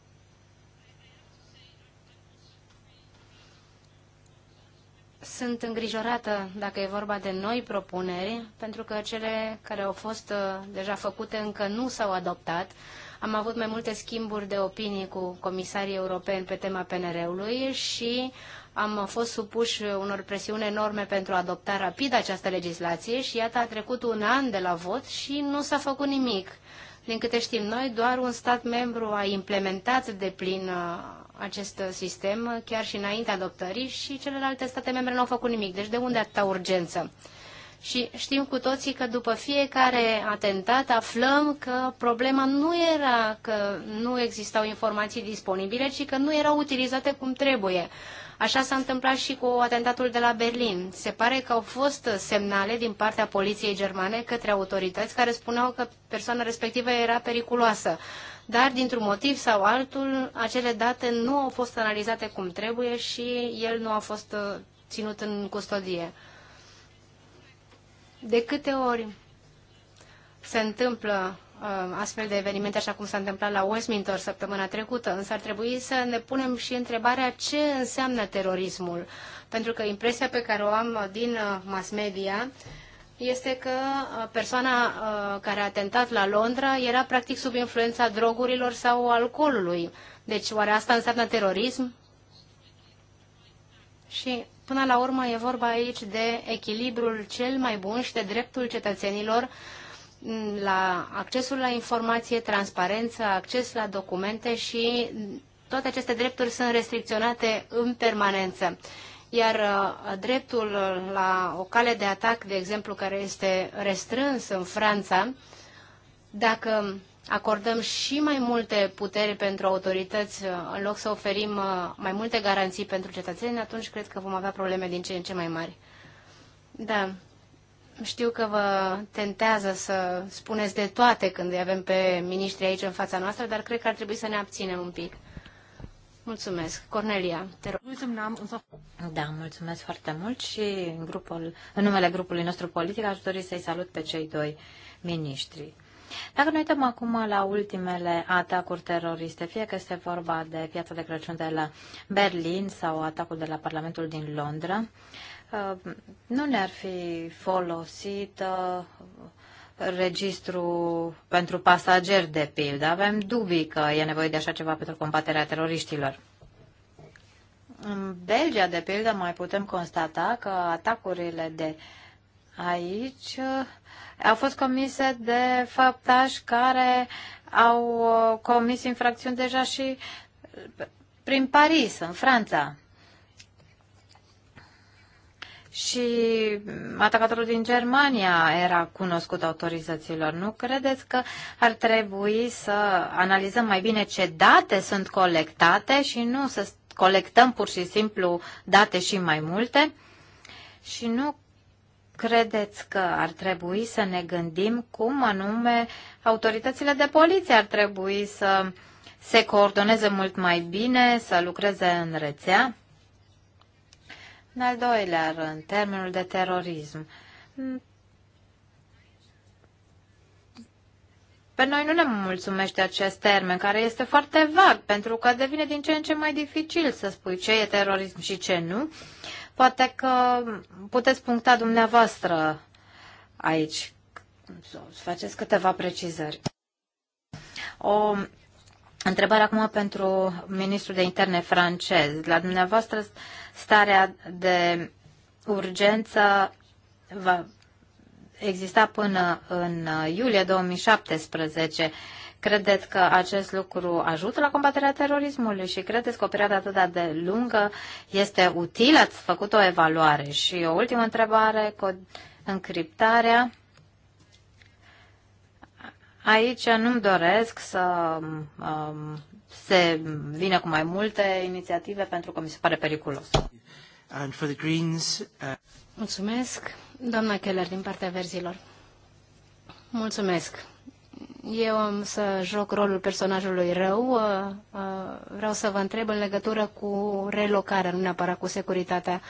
Sunt îngrijorată dacă e vorba de noi propuneri, pentru că cele care au fost deja făcute încă nu s-au adoptat am avut mai multe schimburi de opinii cu comisarii europeni pe tema PNR-ului și am fost supuși unor presiuni enorme pentru a adopta rapid această legislație și iată a trecut un an de la vot și nu s-a făcut nimic. Din câte știm noi, doar un stat membru a implementat de plin uh, acest sistem, chiar și înaintea adoptării, și celelalte state membre nu au făcut nimic. Deci de unde atâta urgență? Și știm cu toții că după fiecare atentat aflăm că problema nu era că nu existau informații disponibile, ci că nu erau utilizate cum trebuie. Așa s-a întâmplat și cu atentatul de la Berlin. Se pare că au fost semnale din partea poliției germane către autorități care spuneau că persoana respectivă era periculoasă. Dar, dintr-un motiv sau altul, acele date nu au fost analizate cum trebuie și el nu a fost uh, ținut în custodie. De câte ori se întâmplă uh, astfel de evenimente, așa cum s-a întâmplat la Westminster săptămâna trecută, însă ar trebui să ne punem și întrebarea ce înseamnă terorismul. Pentru că impresia pe care o am din uh, mass media este că uh, persoana care a atentat la Londra era practic sub influența drogurilor sau alcoolului. Deci oare asta înseamnă terorism? Și Până la urmă e vorba aici de echilibrul cel mai bun și de dreptul cetățenilor la accesul la informație, transparență, acces la documente și toate aceste drepturi sunt restricționate în permanență. Iar uh, dreptul uh, la o cale de atac, de exemplu, care este restrâns în Franța, dacă acordăm și mai multe puteri pentru autorități în loc să oferim uh, mai multe garanții pentru cetățeni, atunci cred că vom avea probleme din ce în ce mai mari. Da, știu că vă tentează să spuneți de toate când îi avem pe miniștri aici în fața noastră, dar cred că ar trebui să ne abținem un pic. Mulțumesc. Cornelia, te rog. Da, mulțumesc foarte mult și în, grupul, în numele grupului nostru politic aș dori să-i salut pe cei doi miniștri. Dacă ne uităm acum la ultimele atacuri teroriste, fie că este vorba de piața de Crăciun de la Berlin sau atacul de la Parlamentul din Londra, uh, nu ne-ar fi folosit uh, registru pentru pasageri, de pildă. Avem dubii că e nevoie de așa ceva pentru combaterea teroriștilor. În Belgia, de pildă, mai putem constata că atacurile de aici uh, au fost comise de făptași care au uh, comis infracțiuni deja și uh, prin Paris, în Franța. Și mm, atacatorul din Germania era cunoscut autorizațiilor. Nu credeți că ar trebui să analizăm mai bine ce date sunt colectate și nu să colectăm pur și simplu date și mai multe? Și nu credeți că ar trebui să ne gândim cum anume autoritățile de poliție ar trebui să se coordoneze mult mai bine, să lucreze în rețea? În al doilea rând, termenul de terorism. Pe noi nu ne mulțumește acest termen, care este foarte vag, pentru că devine din ce în ce mai dificil să spui ce e terorism și ce nu. Uh, Poate că puteți puncta dumneavoastră aici, să faceți câteva precizări. O întrebare acum pentru ministrul de interne francez. La dumneavoastră starea de urgență va exista până în uh, iulie 2017. Credeți că acest lucru ajută la combaterea terorismului și credeți că o perioadă atât de lungă este utilă? Ați făcut o evaluare. Și o ultimă întrebare, cu încriptarea. Aici nu-mi doresc să um, se vină cu mai multe inițiative pentru că mi se pare periculos. And for the Greens, uh... Mulțumesc. Doamna Keller, din partea verzilor. Mulțumesc. Eu am să joc rolul personajului rău. Uh, uh, vreau să vă întreb în legătură cu relocarea, nu neapărat cu securitatea.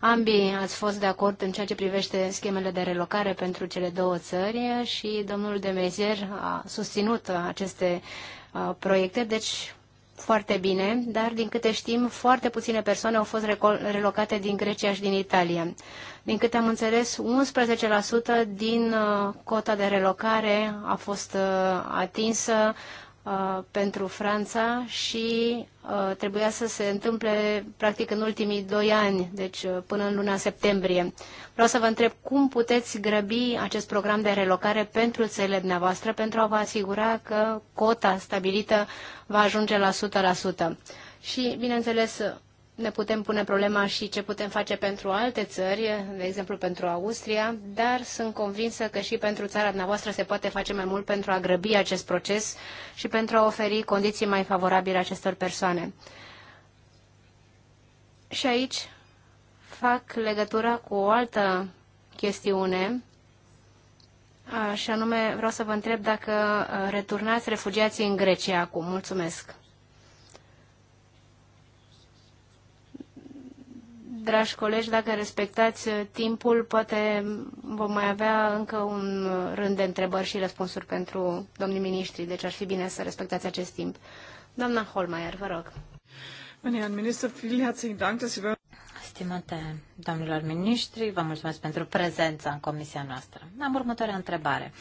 Ambii ați fost de acord în ceea ce privește schemele de relocare pentru cele două țări și domnul de a susținut aceste uh, proiecte, deci foarte bine, dar din câte știm, foarte puține persoane au fost relocate din Grecia și din Italia. Din câte am înțeles, 11% din uh, cota de relocare a fost uh, atinsă Uh, pentru Franța și uh, trebuia să se întâmple practic în ultimii doi ani, deci uh, până în luna septembrie. Vreau să vă întreb cum puteți grăbi acest program de relocare pentru țările dumneavoastră pentru a vă asigura că cota stabilită va ajunge la 100%. Și, bineînțeles, ne putem pune problema și ce putem face pentru alte țări, de exemplu pentru Austria, dar sunt convinsă că și pentru țara dumneavoastră se poate face mai mult pentru a grăbi acest proces și pentru a oferi condiții mai favorabile acestor persoane. Și aici fac legătura cu o altă chestiune, și anume vreau să vă întreb dacă returnați refugiații în Grecia acum. Mulțumesc! dragi colegi, dacă respectați uh, timpul, poate vom mai avea încă un uh, rând de întrebări și răspunsuri pentru domnii ministri, deci ar fi bine să respectați acest timp. Doamna Holmeier, vă rog. Stimate domnilor ministri, vă mulțumesc pentru prezența în comisia noastră. Am următoarea întrebare.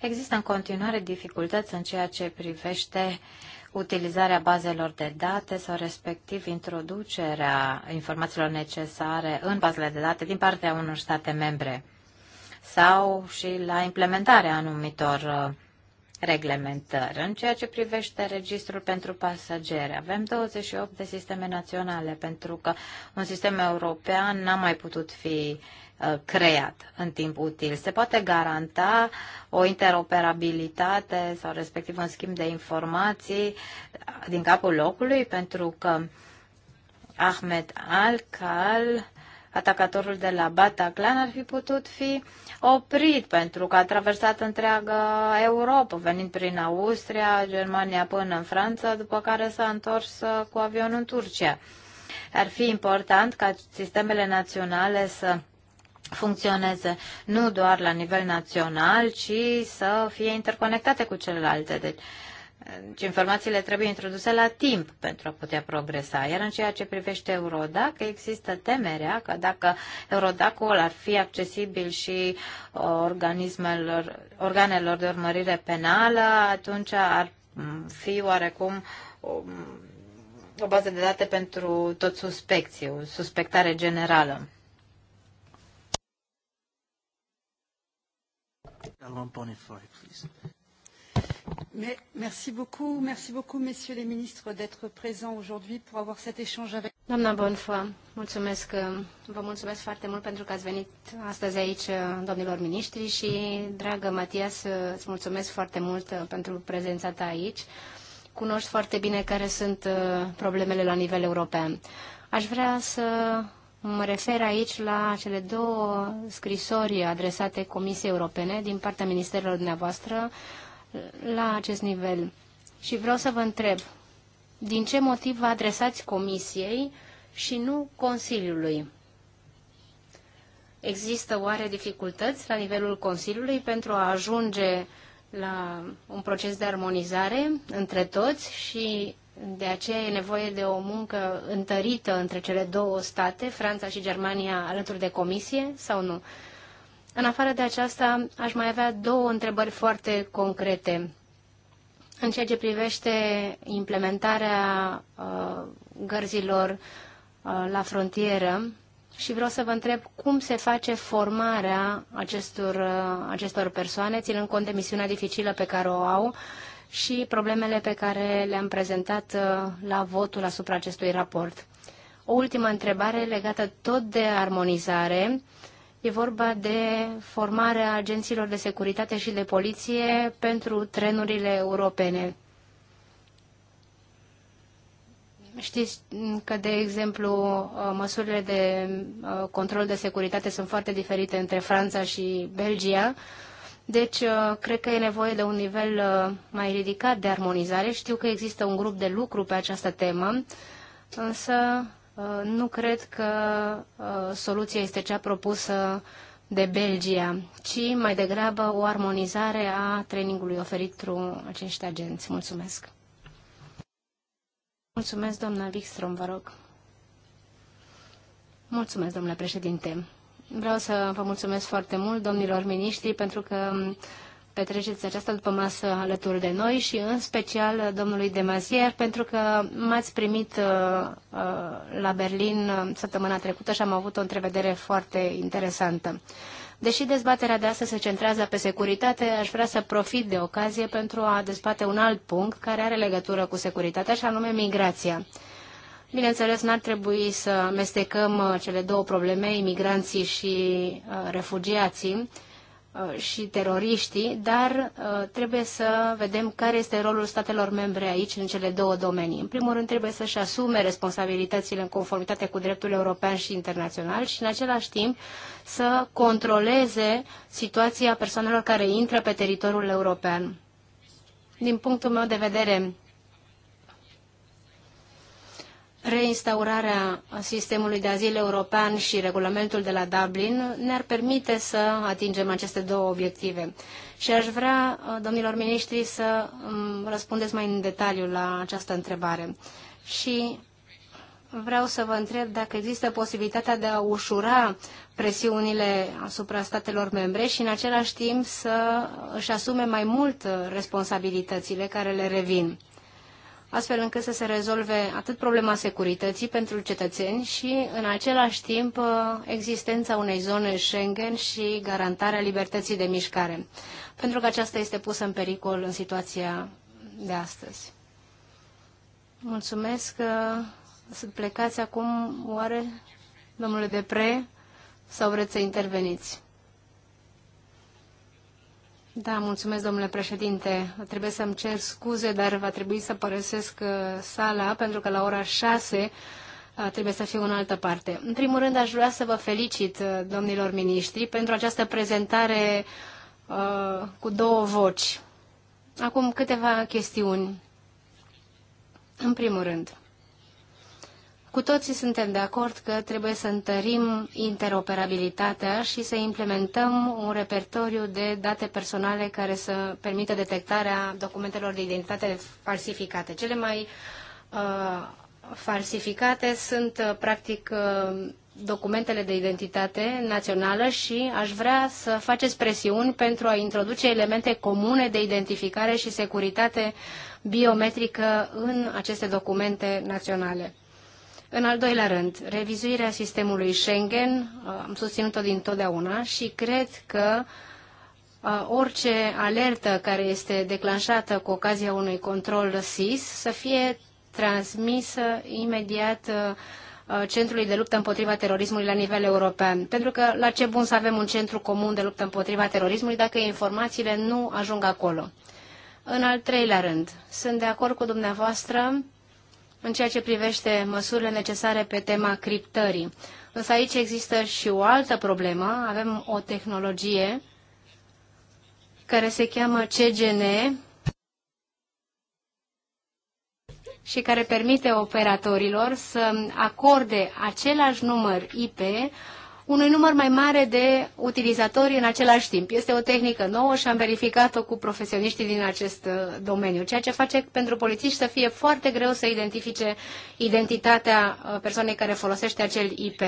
Există în continuare dificultăți în ceea ce privește uh, utilizarea bazelor de date sau respectiv introducerea informațiilor necesare în bazele de date din partea unor state membre sau și la implementarea anumitor uh, reglementări. În ceea ce privește registrul pentru pasageri, avem 28 de sisteme naționale pentru că un sistem european n-a mai putut fi Uh, creat în timp util. Se poate garanta o interoperabilitate sau respectiv un schimb de informații din capul locului pentru că Ahmed Alcal, atacatorul de la Bataclan, ar fi putut fi oprit pentru că a traversat întreaga Europa, venind prin Austria, Germania până în Franța, după care s-a întors uh, cu avionul în Turcia. Ar fi important ca sistemele naționale să funcționeze nu doar la nivel național, ci să fie interconectate cu celelalte. Deci, deci informațiile trebuie introduse la timp pentru a putea progresa. Iar în ceea ce privește Eurodac, există temerea că dacă Eurodacul ar fi accesibil și organismelor, organelor de urmărire penală, atunci ar fi oarecum o, o bază de date pentru tot suspecții, o suspectare generală. Mais, merci beaucoup, merci beaucoup, messieurs les ministres, d'être présents aujourd'hui pour avoir cet échange avec. Doamna Bonfa, mulțumesc, vă mulțumesc foarte mult pentru că ați venit astăzi aici, domnilor miniștri, și, dragă Matias, îți mulțumesc foarte mult pentru prezența ta aici. Cunoști foarte bine care sunt problemele la nivel european. Aș vrea să Mă refer aici la cele două scrisori adresate Comisiei Europene din partea ministerelor dumneavoastră la acest nivel. Și vreau să vă întreb, din ce motiv vă adresați Comisiei și nu Consiliului? Există oare dificultăți la nivelul Consiliului pentru a ajunge la un proces de armonizare între toți și de aceea e nevoie de o muncă întărită între cele două state, Franța și Germania, alături de comisie sau nu? În afară de aceasta, aș mai avea două întrebări foarte concrete. În ceea ce privește implementarea uh, gărzilor uh, la frontieră, și vreau să vă întreb cum se face formarea acestor, uh, acestor persoane, ținând cont de misiunea dificilă pe care o au, uh, și problemele pe care le-am prezentat uh, la votul asupra acestui raport. O ultimă întrebare legată tot de armonizare. E vorba de formarea agenților de securitate și de poliție pentru trenurile europene. Știți că, de exemplu, uh, măsurile de uh, control de securitate sunt foarte diferite între Franța și Belgia deci, uh, cred că e nevoie de un nivel uh, mai ridicat de armonizare. Știu că există un grup de lucru pe această temă, însă uh, nu cred că soluția este cea propusă de Belgia, ci mai degrabă o armonizare a trainingului oferit pentru acești agenți. Mulțumesc! Mulțumesc, doamna Wikström, vă rog. Mulțumesc, domnule președinte. Vreau să vă mulțumesc foarte mult, domnilor miniștri, pentru că petreceți această după masă alături de noi și în special domnului de Mazier, pentru că m-ați primit uh, uh, la Berlin uh, săptămâna trecută și am avut o întrevedere foarte interesantă. Deși dezbaterea de astăzi se centrează pe securitate, aș vrea să profit de ocazie pentru a dezbate un alt punct care are legătură cu securitatea, și anume migrația. Bineînțeles, n-ar trebui să amestecăm uh, cele două probleme, imigranții și uh, refugiații uh, și teroriștii, dar trebuie să vedem care este rolul statelor membre aici în cele două domenii. În primul rând, trebuie să-și asume responsabilitățile în conformitate cu dreptul european și internațional și, în același timp, să controleze situația persoanelor care intră pe teritoriul european. Din punctul meu de vedere, reinstaurarea sistemului de azil european și regulamentul de la Dublin ne-ar permite să atingem aceste două obiective. Și aș vrea, uh, domnilor miniștri, să um, răspundeți mai în detaliu la această întrebare. Și vreau să vă întreb dacă există posibilitatea de a ușura presiunile asupra statelor membre și în același timp să își asume mai mult uh, responsabilitățile care le revin astfel încât să se rezolve atât problema securității pentru cetățeni și, în același timp, uh, existența unei zone Schengen și garantarea libertății de mișcare, pentru că aceasta este pusă în pericol în situația de astăzi. Mulțumesc că uh, plecați acum, oare, domnule Depre, sau vreți să interveniți? Da, mulțumesc, domnule președinte. Trebuie să-mi cer scuze, dar va trebui să părăsesc uh, sala, pentru că la ora 6 uh, trebuie să fiu în altă parte. În primul rând, aș vrea să vă felicit, uh, domnilor miniștri, pentru această prezentare uh, cu două voci. Acum câteva chestiuni. În primul rând, cu toții suntem de acord că trebuie să întărim interoperabilitatea și să implementăm un repertoriu de date personale care să permită detectarea documentelor de identitate falsificate. Cele mai uh, falsificate sunt, uh, practic, uh, documentele de identitate națională și aș vrea să faceți presiuni pentru a introduce elemente comune de identificare și securitate biometrică în aceste documente naționale. În al doilea rând, revizuirea sistemului Schengen, uh, am susținut-o dintotdeauna și cred că uh, orice alertă care este declanșată cu ocazia unui control SIS să fie transmisă imediat uh, Centrului de luptă împotriva terorismului la nivel european. Pentru că la ce bun să avem un centru comun de luptă împotriva terorismului dacă informațiile nu ajung acolo. În al treilea rând, sunt de acord cu dumneavoastră în ceea ce privește măsurile necesare pe tema criptării. Însă aici există și o altă problemă. Avem o tehnologie care se cheamă CGN și care permite operatorilor să acorde același număr IP unui număr mai mare de utilizatori în același timp. Este o tehnică nouă și am verificat-o cu profesioniștii din acest uh, domeniu, ceea ce face pentru polițiști să fie foarte greu să identifice identitatea uh, persoanei care folosește acel IP.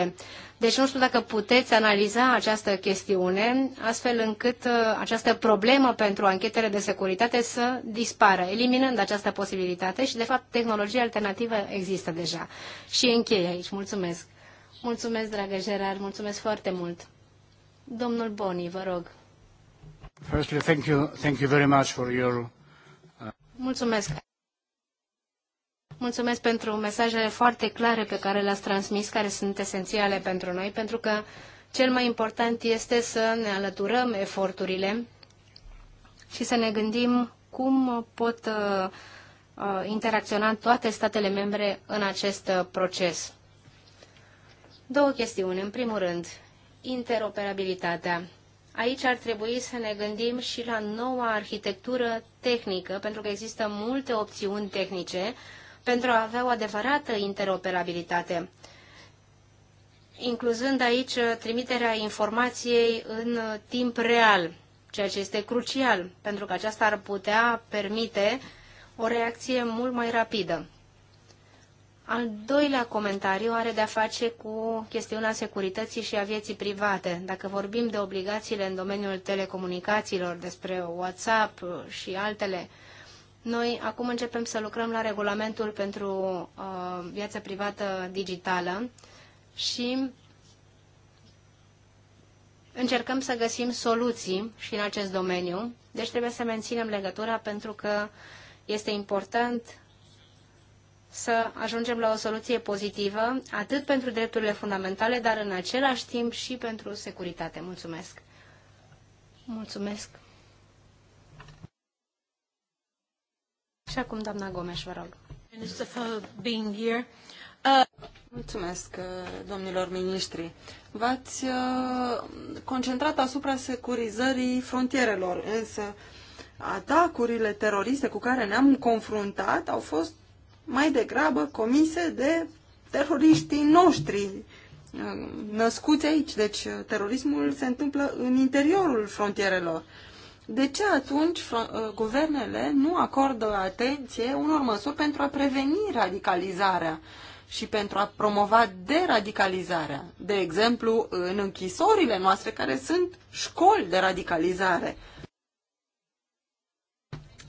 Deci nu știu dacă puteți analiza această chestiune, astfel încât uh, această problemă pentru anchetele de securitate să dispară, eliminând această posibilitate și, de fapt, tehnologie alternativă există deja. Și închei aici. Mulțumesc! Mulțumesc, dragă Gerard, mulțumesc foarte mult. Domnul Boni, vă rog. Firstly, thank you, thank you very much for your... Uh, mulțumesc. Mulțumesc pentru mesajele foarte clare pe care le-ați transmis, care sunt esențiale pentru noi, pentru că cel mai important este să ne alăturăm eforturile și să ne gândim cum pot uh, uh, interacționa toate statele membre în acest proces. Două chestiuni. În primul rând, interoperabilitatea. Aici ar trebui să ne gândim și la noua arhitectură tehnică, pentru că există multe opțiuni tehnice pentru a avea o adevărată interoperabilitate, incluzând aici trimiterea informației în timp real, ceea ce este crucial, pentru că aceasta ar putea permite o reacție mult mai rapidă. Al doilea comentariu are de-a face cu chestiunea securității și a vieții private. Dacă vorbim de obligațiile în domeniul telecomunicațiilor, despre WhatsApp și altele, noi acum începem să lucrăm la regulamentul pentru uh, viața privată digitală și încercăm să găsim soluții și în acest domeniu. Deci trebuie să menținem legătura pentru că este important să ajungem la o soluție pozitivă, atât pentru drepturile fundamentale, dar în același timp și pentru securitate. Mulțumesc! Mulțumesc! Și acum, doamna Gomes, vă rog. Mulțumesc, domnilor miniștri. V-ați uh, concentrat asupra securizării frontierelor, însă atacurile teroriste cu care ne-am confruntat au fost mai degrabă comise de teroriștii noștri uh, născuți aici. Deci uh, terorismul se întâmplă în interiorul frontierelor. De ce atunci uh, guvernele nu acordă atenție unor măsuri pentru a preveni radicalizarea și pentru a promova deradicalizarea? De exemplu, în închisorile noastre, care sunt școli de radicalizare.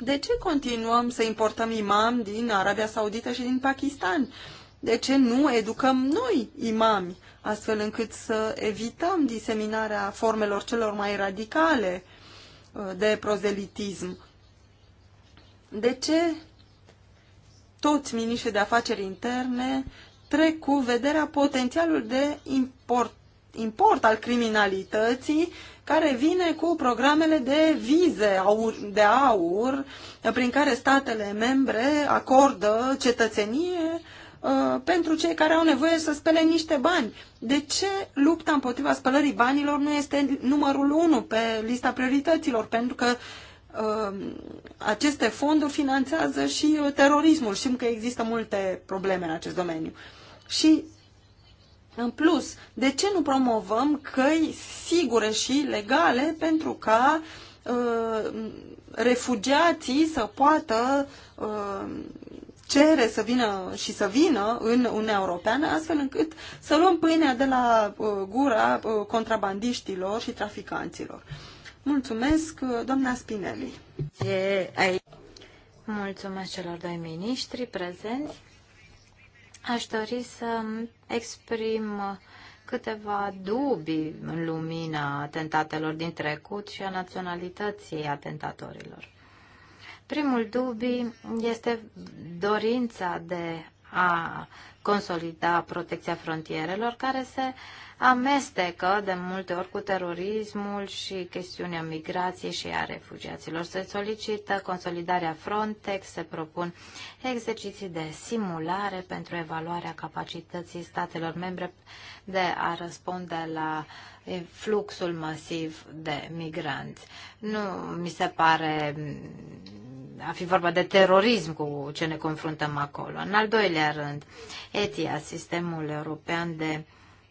De ce continuăm să importăm imam din Arabia Saudită și din Pakistan? De ce nu educăm noi imami, astfel încât să evităm diseminarea formelor celor mai radicale uh, de prozelitism? De ce toți miniștrii de afaceri interne trec cu vederea potențialul de import import al criminalității care vine cu programele de vize aur, de aur prin care statele membre acordă cetățenie uh, pentru cei care au nevoie să spele niște bani. De ce lupta împotriva spălării banilor nu este numărul unu pe lista priorităților? Pentru că uh, aceste fonduri finanțează și uh, terorismul. Știm că există multe probleme în acest domeniu. Și în plus, de ce nu promovăm căi sigure și legale pentru ca uh, refugiații să poată uh, cere să vină și să vină în Uniunea Europeană, astfel încât să luăm pâinea de la uh, gura uh, contrabandiștilor și traficanților. Mulțumesc, uh, doamna Spinelli. Mulțumesc celor doi miniștri prezenți. Aș dori să exprim câteva dubii în lumina atentatelor din trecut și a naționalității atentatorilor. Primul dubii este dorința de a consolida protecția frontierelor, care se amestecă de multe ori cu terorismul și chestiunea migrației și a refugiaților. Se solicită consolidarea Frontex, se propun exerciții de simulare pentru evaluarea capacității statelor membre de a răspunde la fluxul masiv de migranți. Nu mi se pare a fi vorba de terorism cu ce ne confruntăm acolo. În al doilea rând, ETIA, Sistemul European de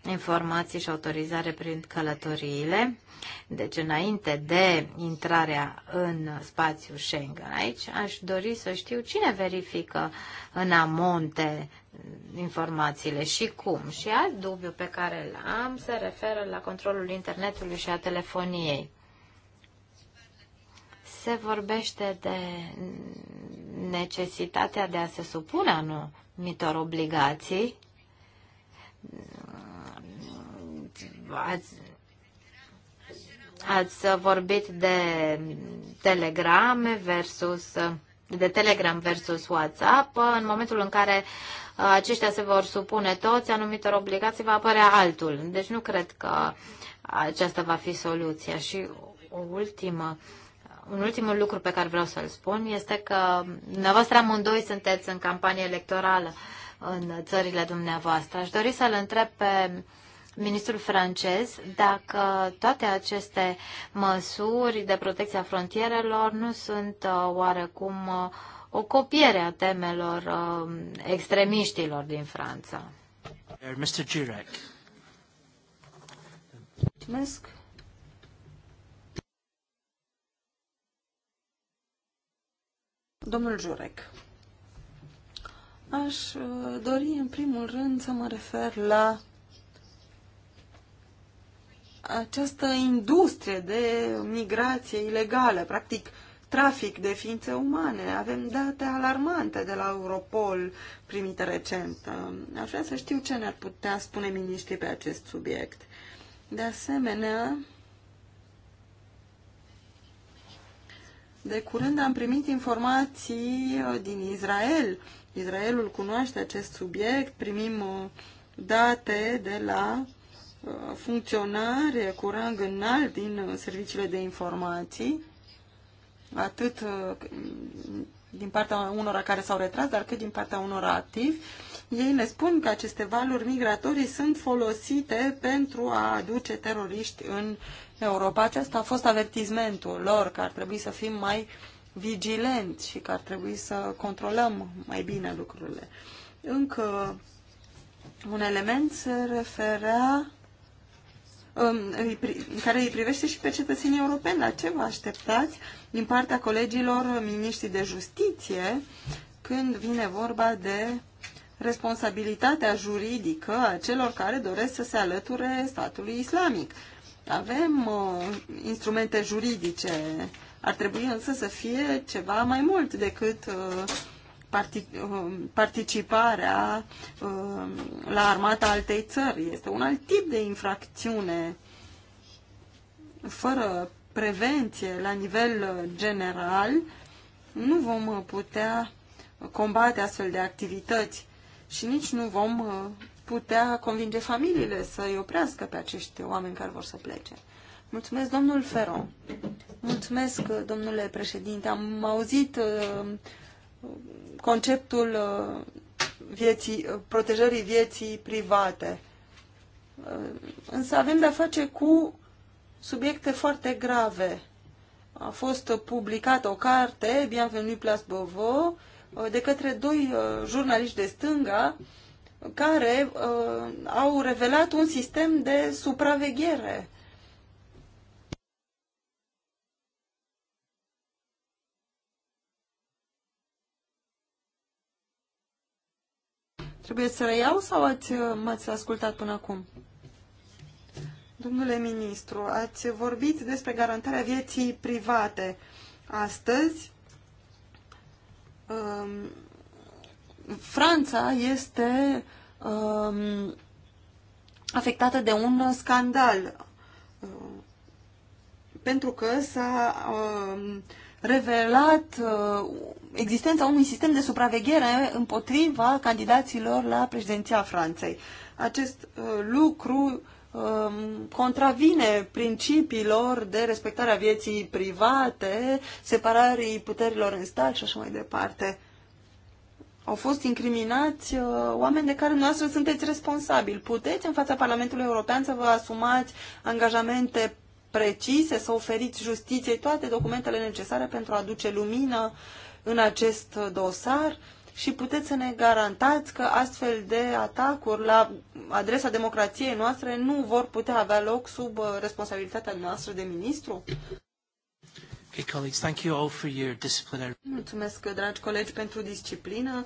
informații și autorizare prin călătoriile, deci înainte de intrarea în spațiul Schengen. Aici aș dori să știu cine verifică în amonte informațiile și cum. Și alt dubiu pe care l am se referă la controlul internetului și a telefoniei se vorbește de necesitatea de a se supune anumitor obligații. Ați, ați vorbit de telegrame versus de Telegram versus WhatsApp, în momentul în care aceștia se vor supune toți anumitor obligații, va apărea altul. Deci nu cred că aceasta va fi soluția. Și o ultimă uh, un ultimul lucru pe care vreau să-l spun este că dumneavoastră amândoi sunteți în campanie electorală în țările dumneavoastră. Aș dori să-l întreb pe ministrul francez dacă toate aceste măsuri de protecție a frontierelor nu sunt uh, oarecum uh, o copiere a temelor uh, extremiștilor din Franța. Mr. Jurek. Mulțumesc. Domnul Jurec, aș uh, dori în primul rând să mă refer la această industrie de migrație ilegală, practic trafic de ființe umane. Avem date alarmante de la Europol primite recent. Uh, aș vrea să știu ce ne-ar putea spune miniștrii pe acest subiect. De asemenea, De curând am primit informații uh, din Israel. Israelul cunoaște acest subiect, primim uh, date de la uh, funcționare cu rang înalt din serviciile de informații, atât din partea unora care s-au retras, dar cât din partea unora activi. Ei ne spun că aceste valuri migratorii sunt folosite pentru a aduce teroriști în Europa. Acesta a fost avertizmentul lor că ar trebui să fim mai vigilenți și că ar trebui să controlăm mai bine lucrurile. Încă un element se referea Um, care îi privește și pe cetățenii europeni. La ce vă așteptați din partea colegilor miniștri de justiție când vine vorba de responsabilitatea juridică a celor care doresc să se alăture statului islamic? Avem uh, instrumente juridice, ar trebui însă să fie ceva mai mult decât uh, Um, participarea um, la armata altei țări. Este un alt tip de infracțiune fără prevenție la nivel uh, general, nu vom uh, putea combate astfel de activități și nici nu vom uh, putea convinge familiile să îi oprească pe acești oameni care vor să plece. Mulțumesc, domnul Feron. Mulțumesc, domnule președinte. Am auzit conceptul uh, vieții, uh, protejării vieții private. Uh, însă avem de-a face cu subiecte foarte grave. A fost publicată o carte, Bienvenue Place Beauvau, de către doi jurnaliști de stânga care au revelat un sistem de supraveghere Trebuie să reiau sau ați, uh, m-ați ascultat până acum? Domnule ministru, ați vorbit despre garantarea vieții private. Astăzi, um, Franța este um, afectată de un scandal um, pentru că s-a um, revelat uh, existența unui sistem de supraveghere împotriva candidaților la președinția Franței. Acest uh, lucru um, contravine principiilor de respectare a vieții private, separării puterilor în stat și așa mai departe. Au fost incriminați uh, oameni de care dumneavoastră sunteți responsabili. Puteți în fața Parlamentului European să vă asumați angajamente precise, să oferiți justiției toate documentele necesare pentru a aduce lumină în acest dosar și puteți să ne garantați că astfel de atacuri la adresa democrației noastre nu vor putea avea loc sub uh, responsabilitatea noastră de ministru? Okay, colleagues, thank you all for your disciplinary... Mulțumesc, dragi colegi, pentru disciplină.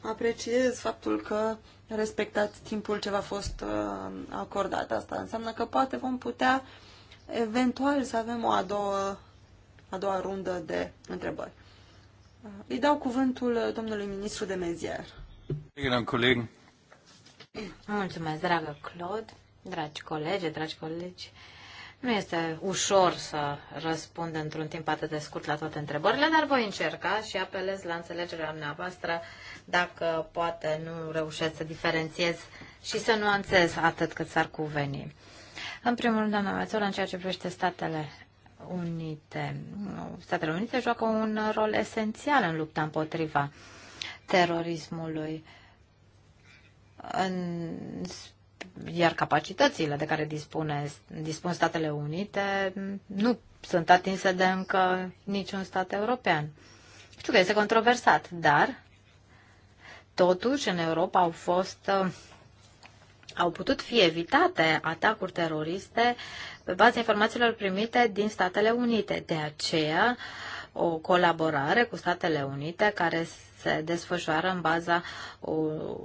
Apreciez faptul că respectați timpul ce v-a fost uh, acordat. Asta înseamnă că poate vom putea uh, eventual să avem o a doua, a doua rundă de întrebări. Uh, îi dau cuvântul domnului ministru de Mezier. Mulțumesc, dragă Claude, dragi colegi, dragi colegi. Nu este ușor să răspund într-un timp atât de scurt la toate întrebările, dar voi încerca și apelez la înțelegerea dumneavoastră dacă poate nu reușesc să diferențiez și să nuanțez atât cât s-ar cuveni. În primul rând, doamna Mețola, în ceea ce privește Statele Unite. Statele Unite joacă un rol esențial în lupta împotriva terorismului. În, iar capacitățile de care dispune, dispun Statele Unite nu sunt atinse de încă niciun stat european. Știu că este controversat, dar totuși în Europa au fost au putut fi evitate atacuri teroriste pe baza informațiilor primite din Statele Unite. De aceea, o colaborare cu Statele Unite care se desfășoară în baza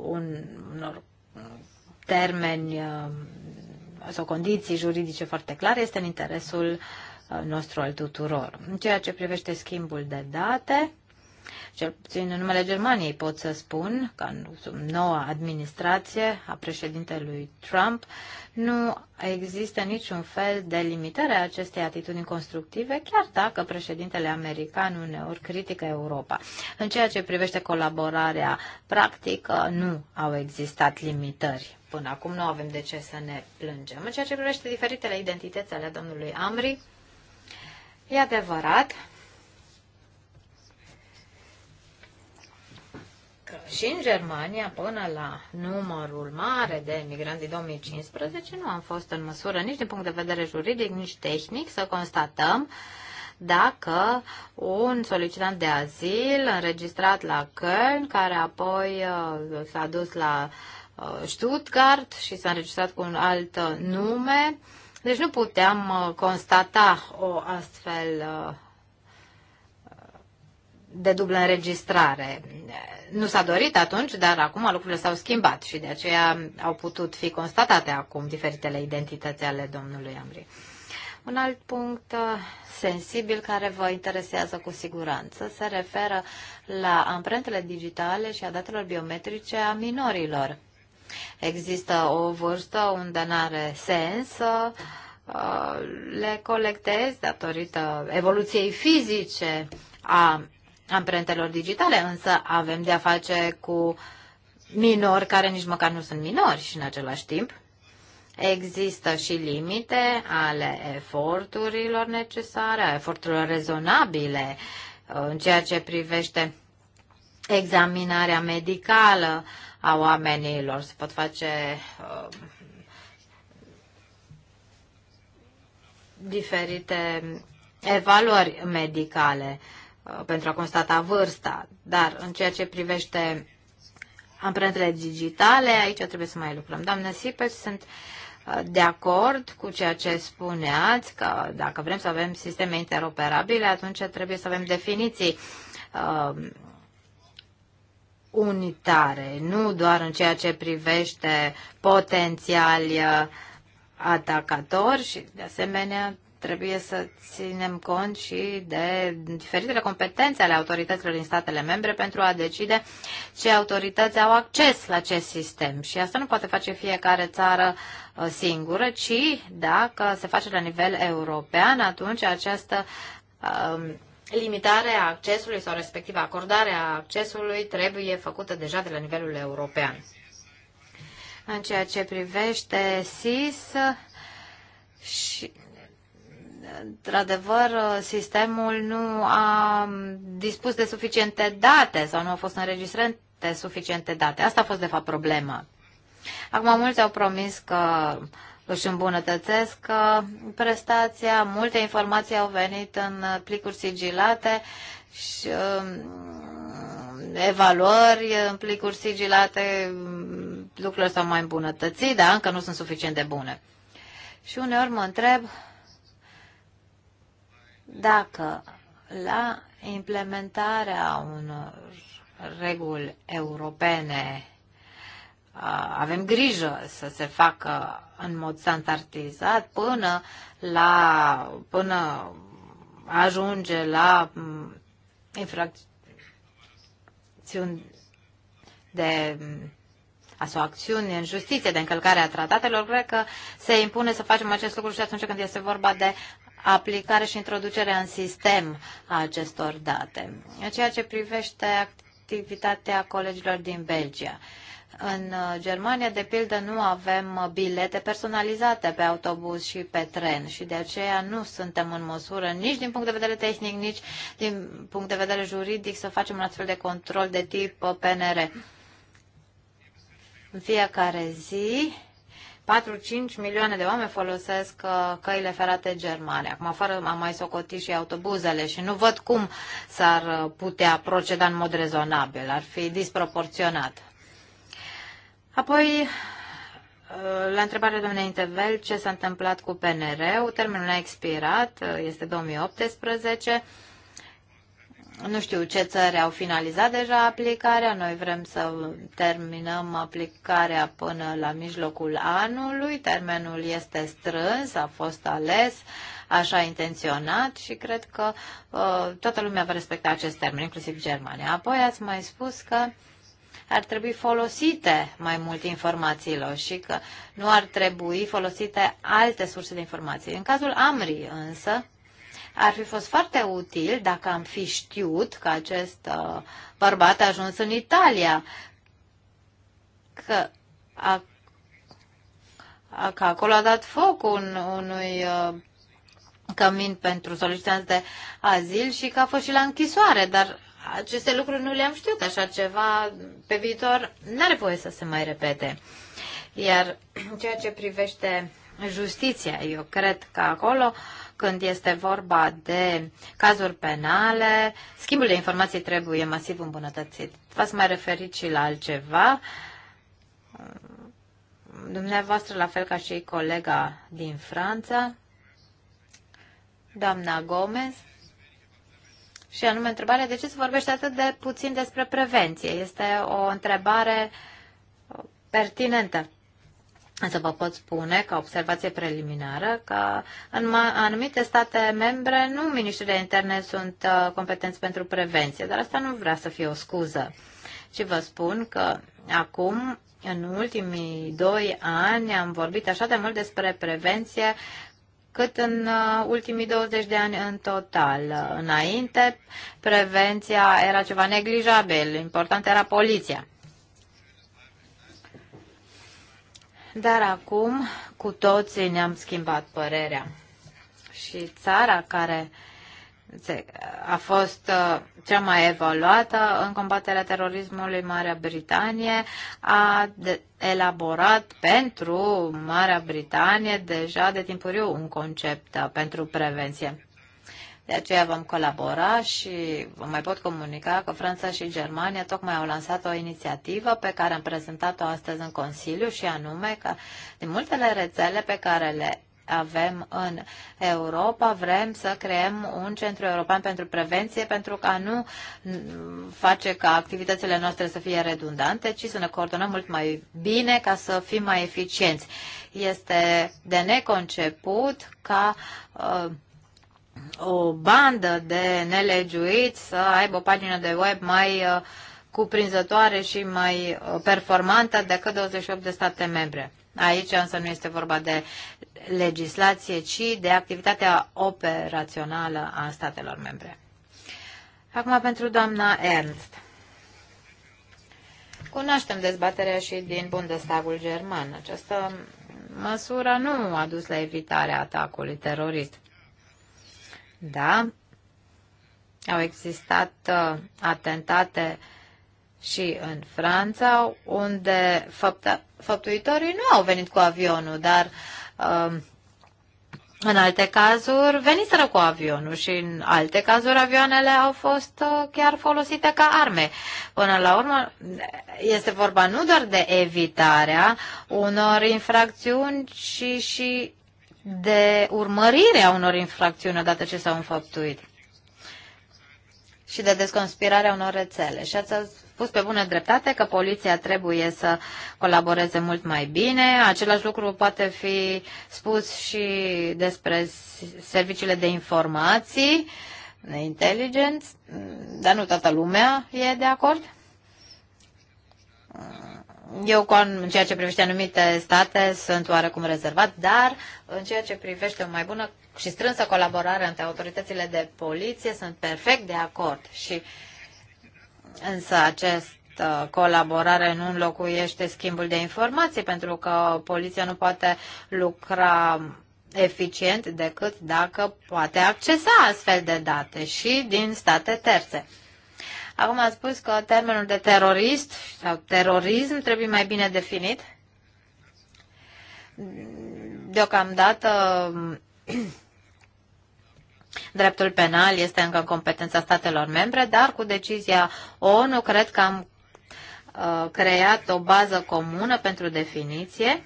unor termeni um, sau condiții juridice foarte clare este în interesul uh, nostru al tuturor. În ceea ce privește schimbul de date, cel puțin în numele Germaniei pot să spun că în noua administrație a președintelui Trump nu există niciun fel de limitare a acestei atitudini constructive, chiar dacă președintele american uneori critică Europa. În ceea ce privește colaborarea practică, nu au existat limitări. Până acum nu avem de ce să ne plângem. În ceea ce privește diferitele identități ale domnului Amri, e adevărat și în Germania, până la numărul mare de migranți din 2015, nu am fost în măsură nici din punct de vedere juridic, nici tehnic să constatăm dacă un solicitant de azil înregistrat la Köln, care apoi uh, s-a dus la uh, Stuttgart și s-a înregistrat cu un alt uh, nume, deci nu puteam constata o astfel de dublă înregistrare. Nu s-a dorit atunci, dar acum lucrurile s-au schimbat și de aceea au putut fi constatate acum diferitele identități ale domnului Amri. Un alt punct uh, sensibil care vă interesează cu siguranță se referă la amprentele digitale și a datelor biometrice a minorilor. Există o vârstă unde nu are sens uh, le colectezi datorită evoluției fizice a amprentelor digitale, însă avem de-a face cu minori care nici măcar nu sunt minori și în același timp există și limite ale eforturilor necesare, a eforturilor rezonabile uh, în ceea ce privește examinarea medicală a oamenilor. Se pot face uh, diferite evaluări medicale. Uh, Uh, pentru a constata vârsta, dar în ceea ce privește amprentele digitale, aici trebuie să mai lucrăm. Doamna Sipes, sunt uh, de acord cu ceea ce spuneați, că dacă vrem să avem sisteme interoperabile, atunci trebuie să avem definiții uh, unitare, nu doar în ceea ce privește potențiali uh, atacatori și, de asemenea, trebuie să ținem cont și de diferitele competențe ale autorităților din statele membre pentru a decide ce autorități au acces la acest sistem. Și asta nu poate face fiecare țară uh, singură, ci dacă se face la nivel european, atunci această um, limitare a accesului sau respectiv acordarea accesului trebuie făcută deja de la nivelul european. În ceea ce privește SIS, și într-adevăr, sistemul nu a dispus de suficiente date sau nu au fost înregistrate suficiente date. Asta a fost, de fapt, problema. Acum, mulți au promis că își îmbunătățesc uh, prestația, multe informații au venit în plicuri sigilate și um, evaluări în plicuri sigilate, lucrurile s-au mai îmbunătățit, dar încă nu sunt suficient de bune. Și uneori mă întreb dacă la implementarea unor reguli europene avem grijă să se facă în mod standardizat până la până ajunge la infracțiuni de sau acțiuni în justiție de încălcare a tratatelor, cred că se impune să facem acest lucru și atunci când este vorba de aplicare și introducerea în sistem a acestor date. În ceea ce privește activitatea colegilor din Belgia. În uh, Germania, de pildă, nu avem uh, bilete personalizate pe autobuz și pe tren și de aceea nu suntem în măsură nici din punct de vedere tehnic, nici din punct de vedere juridic să facem un astfel de control de tip uh, PNR. În fiecare zi 4-5 milioane de oameni folosesc uh, căile ferate germane. Acum, afară am mai socotit și autobuzele și nu văd cum s-ar uh, putea proceda în mod rezonabil. Ar fi disproporționat. Apoi, uh, la întrebarea domnului Intervel, ce s-a întâmplat cu PNR-ul? Termenul a expirat, este 2018. Nu știu ce țări au finalizat deja aplicarea. Noi vrem să terminăm aplicarea până la mijlocul anului. Termenul este strâns, a fost ales așa intenționat și cred că uh, toată lumea va respecta acest termen, inclusiv Germania. Apoi ați mai spus că ar trebui folosite mai mult informațiilor și că nu ar trebui folosite alte surse de informații. În cazul AMRI însă, ar fi fost foarte util dacă am fi știut că acest uh, bărbat a ajuns în Italia, că, a, a, că acolo a dat foc un, unui uh, cămin pentru solicitanți de azil și că a fost și la închisoare, dar aceste lucruri nu le-am știut, așa ceva pe viitor n-are voie să se mai repete. Iar ceea ce privește justiția, eu cred că acolo uh, când este vorba de cazuri penale, schimbul de informații trebuie masiv îmbunătățit. V-ați mai referit și la altceva. Dumneavoastră, la fel ca și colega din Franța, doamna Gomez, și anume întrebarea de ce se vorbește atât de puțin despre prevenție. Este o întrebare pertinentă. Însă vă pot spune, ca observație preliminară, că în anumite state membre nu ministrii de interne sunt uh, competenți pentru prevenție, dar asta nu vrea să fie o scuză. Și vă spun că acum, în ultimii doi ani, am vorbit așa de mult despre prevenție cât în uh, ultimii 20 de ani în total. Înainte, prevenția era ceva neglijabil, important era poliția. Dar acum cu toții ne-am schimbat părerea. Și țara care a fost uh, cea mai evaluată în combaterea terorismului, Marea Britanie, a elaborat pentru Marea Britanie deja de timpuriu un concept uh, pentru prevenție. De aceea vom colabora și vă mai pot comunica că Franța și Germania tocmai au lansat o inițiativă pe care am prezentat-o astăzi în Consiliu și anume că din multele rețele pe care le avem în Europa, vrem să creăm un centru european pentru prevenție pentru ca nu face ca activitățile noastre să fie redundante, ci să ne coordonăm mult mai bine ca să fim mai eficienți. Este de neconceput ca uh, o bandă de nelegiuiți să aibă o pagină de web mai uh, cuprinzătoare și mai uh, performantă decât 28 de state membre. Aici însă nu este vorba de legislație, ci de activitatea operațională a statelor membre. Acum pentru doamna Ernst. Cunoaștem dezbaterea și din Bundestagul german. Această măsură nu a dus la evitarea atacului terorist. Da, au existat uh, atentate și în Franța, unde făptă, făptuitorii nu au venit cu avionul, dar uh, în alte cazuri veniseră cu avionul și în alte cazuri avioanele au fost uh, chiar folosite ca arme. Până la urmă, este vorba nu doar de evitarea unor infracțiuni, ci și de urmărire a unor infracțiuni odată ce s-au înfăptuit și de desconspirarea unor rețele. Și ați spus pe bună dreptate că poliția trebuie să colaboreze mult mai bine. Același lucru poate fi spus și despre serviciile de informații, intelligence, dar nu toată lumea e de acord eu, în ceea ce privește anumite state, sunt oarecum rezervat, dar în ceea ce privește o mai bună și strânsă colaborare între autoritățile de poliție, sunt perfect de acord. Și însă acest colaborare nu înlocuiește schimbul de informații, pentru că poliția nu poate lucra eficient decât dacă poate accesa astfel de date și din state terțe. Acum a spus că termenul de terorist sau terorism trebuie mai bine definit. Deocamdată dreptul penal este încă în competența statelor membre, dar cu decizia ONU cred că am uh, creat o bază comună pentru definiție.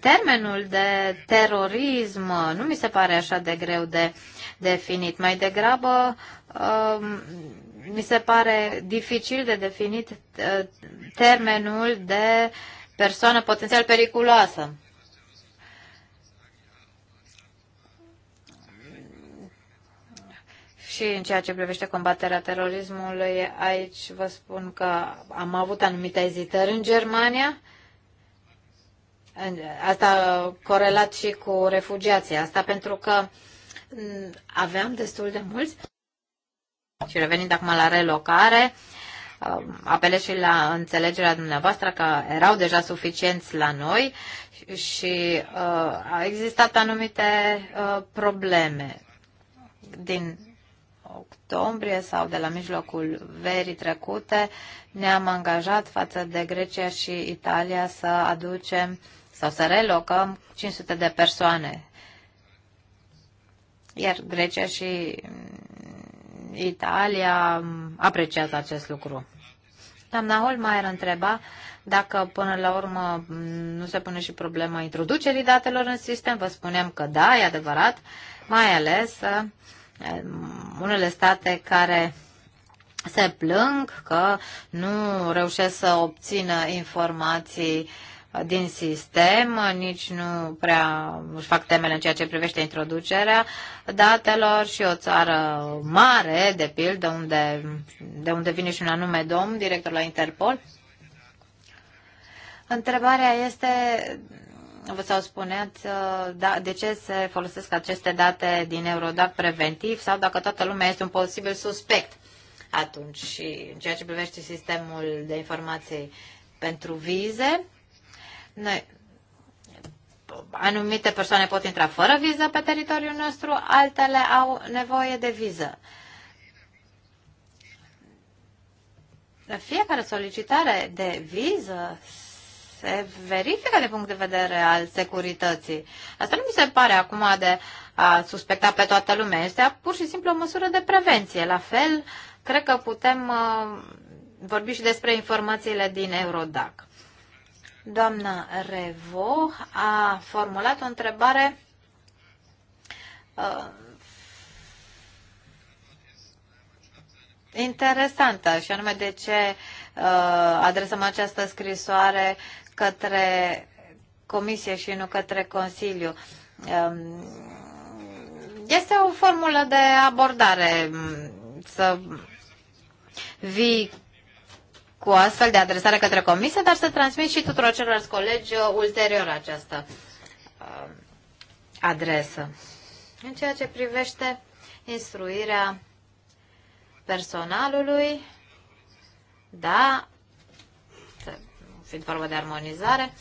Termenul de terorism nu mi se pare așa de greu de definit. Mai degrabă um, mi se pare dificil de definit uh, termenul de persoană potențial periculoasă. Și în ceea ce privește combaterea terorismului, aici vă spun că am avut anumite ezitări în Germania. Asta corelat și cu refugiații. Asta pentru că mm, aveam destul de mulți și revenind acum la relocare, um, apelez și la înțelegerea dumneavoastră că erau deja suficienți la noi și uh, a existat anumite uh, probleme din octombrie sau de la mijlocul verii trecute, ne-am angajat față de Grecia și Italia să aducem sau să relocăm 500 de persoane. Iar Grecia și Italia apreciază acest lucru. Doamna Holmeier întreba dacă până la urmă nu se pune și problema introducerii datelor în sistem. Vă spuneam că da, e adevărat, mai ales uh, unele state care se plâng că nu reușesc să obțină informații uh, din sistem, nici nu prea își fac temele în ceea ce privește introducerea datelor și o țară mare, de pildă, unde, de unde vine și un anume domn, director la Interpol. Întrebarea este vă s-au spuneat, uh, da, de ce se folosesc aceste date din Eurodac preventiv sau dacă toată lumea este un posibil suspect atunci și în ceea ce privește sistemul de informații pentru vize, noi, anumite persoane pot intra fără viză pe teritoriul nostru, altele au nevoie de viză. fiecare solicitare de viză se verifică de punct de vedere al securității. Asta nu mi se pare acum de a suspecta pe toată lumea. Este pur și simplu o măsură de prevenție. La fel, cred că putem uh, vorbi și despre informațiile din Eurodac. Doamna Revo a formulat o întrebare uh, interesantă și anume de ce uh, adresăm această scrisoare către Comisie și nu către Consiliu. Uh, este o formulă de abordare um, să vii cu astfel de adresare către comisie, dar să transmit și tuturor celorlalți colegi uh, ulterior această uh, adresă. În ceea ce privește instruirea personalului, da, fiind vorba de armonizare,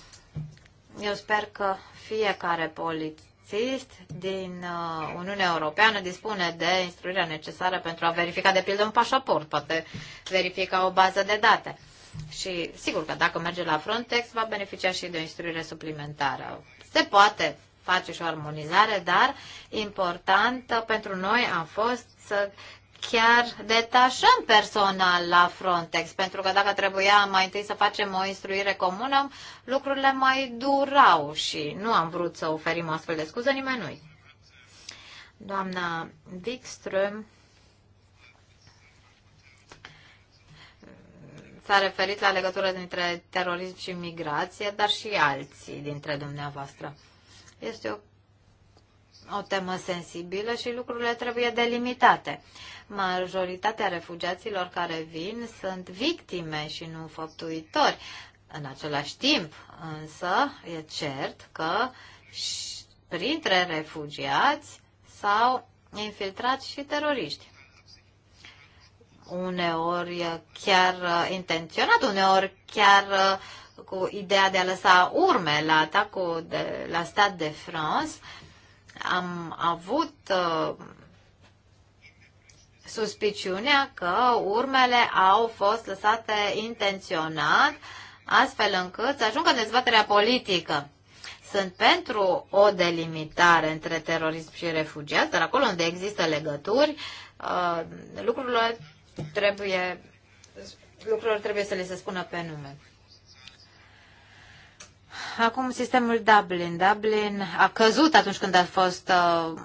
eu sper că fiecare politic polițist din uh, Uniunea Europeană dispune de instruirea necesară pentru a verifica, de pildă, un pașaport, poate verifica o bază de date. Și sigur că dacă merge la Frontex, va beneficia și de o instruire suplimentară. Se poate face și o armonizare, dar important pentru noi a fost să chiar detașăm personal la Frontex, pentru că dacă trebuia mai întâi să facem o instruire comună, lucrurile mai durau și nu am vrut să oferim o astfel de scuză nimănui. Doamna Wikström s-a referit la legătura dintre terorism și migrație, dar și alții dintre dumneavoastră. Este o o temă sensibilă și lucrurile trebuie delimitate. Majoritatea refugiaților care vin sunt victime și nu făptuitori. În același timp, însă, e cert că printre refugiați s-au infiltrat și teroriști. Uneori chiar uh, intenționat, uneori chiar uh, cu ideea de a lăsa urme la atacul de, la Stat de France, uh, am avut uh, suspiciunea că urmele au fost lăsate intenționat, astfel încât să ajungă în dezbaterea politică. Sunt pentru o delimitare între terorism și refugiați, dar acolo unde există legături, uh, lucrurile trebuie, lucrurile trebuie să le se spună pe nume. Acum sistemul Dublin. Dublin a căzut atunci când a fost uh,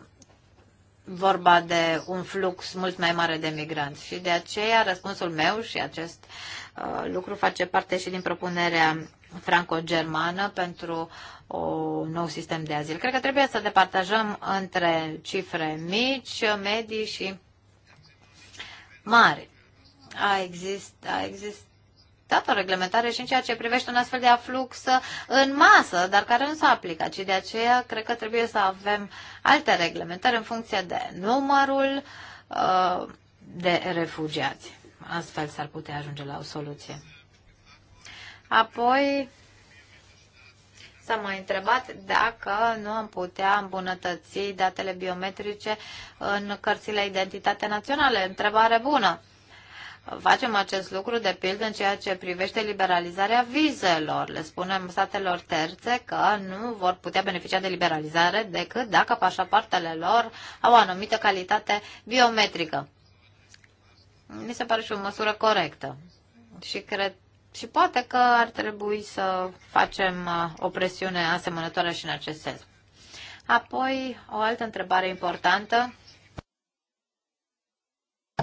vorba de un flux mult mai mare de migranți și de aceea răspunsul meu și acest uh, lucru face parte și din propunerea franco-germană pentru un nou sistem de azil. Cred că trebuie să departajăm între cifre mici, medii și mari. A, exist, a exist, dat o reglementare și în ceea ce privește un astfel de aflux uh, în masă, dar care nu s-a aplicat și de aceea cred că trebuie să avem alte reglementări în funcție de numărul uh, de refugiați. Astfel s-ar putea ajunge la o soluție. Apoi s-a mai întrebat dacă nu am putea îmbunătăți datele biometrice în cărțile identitate naționale. Întrebare bună. Facem acest lucru, de pildă, în ceea ce privește liberalizarea vizelor. Le spunem statelor terțe că nu vor putea beneficia de liberalizare decât dacă pașapoartele lor au o anumită calitate biometrică. Mi se pare și o măsură corectă. Și cred și poate că ar trebui să facem uh, o presiune asemănătoare și în acest sens. Apoi, o altă întrebare importantă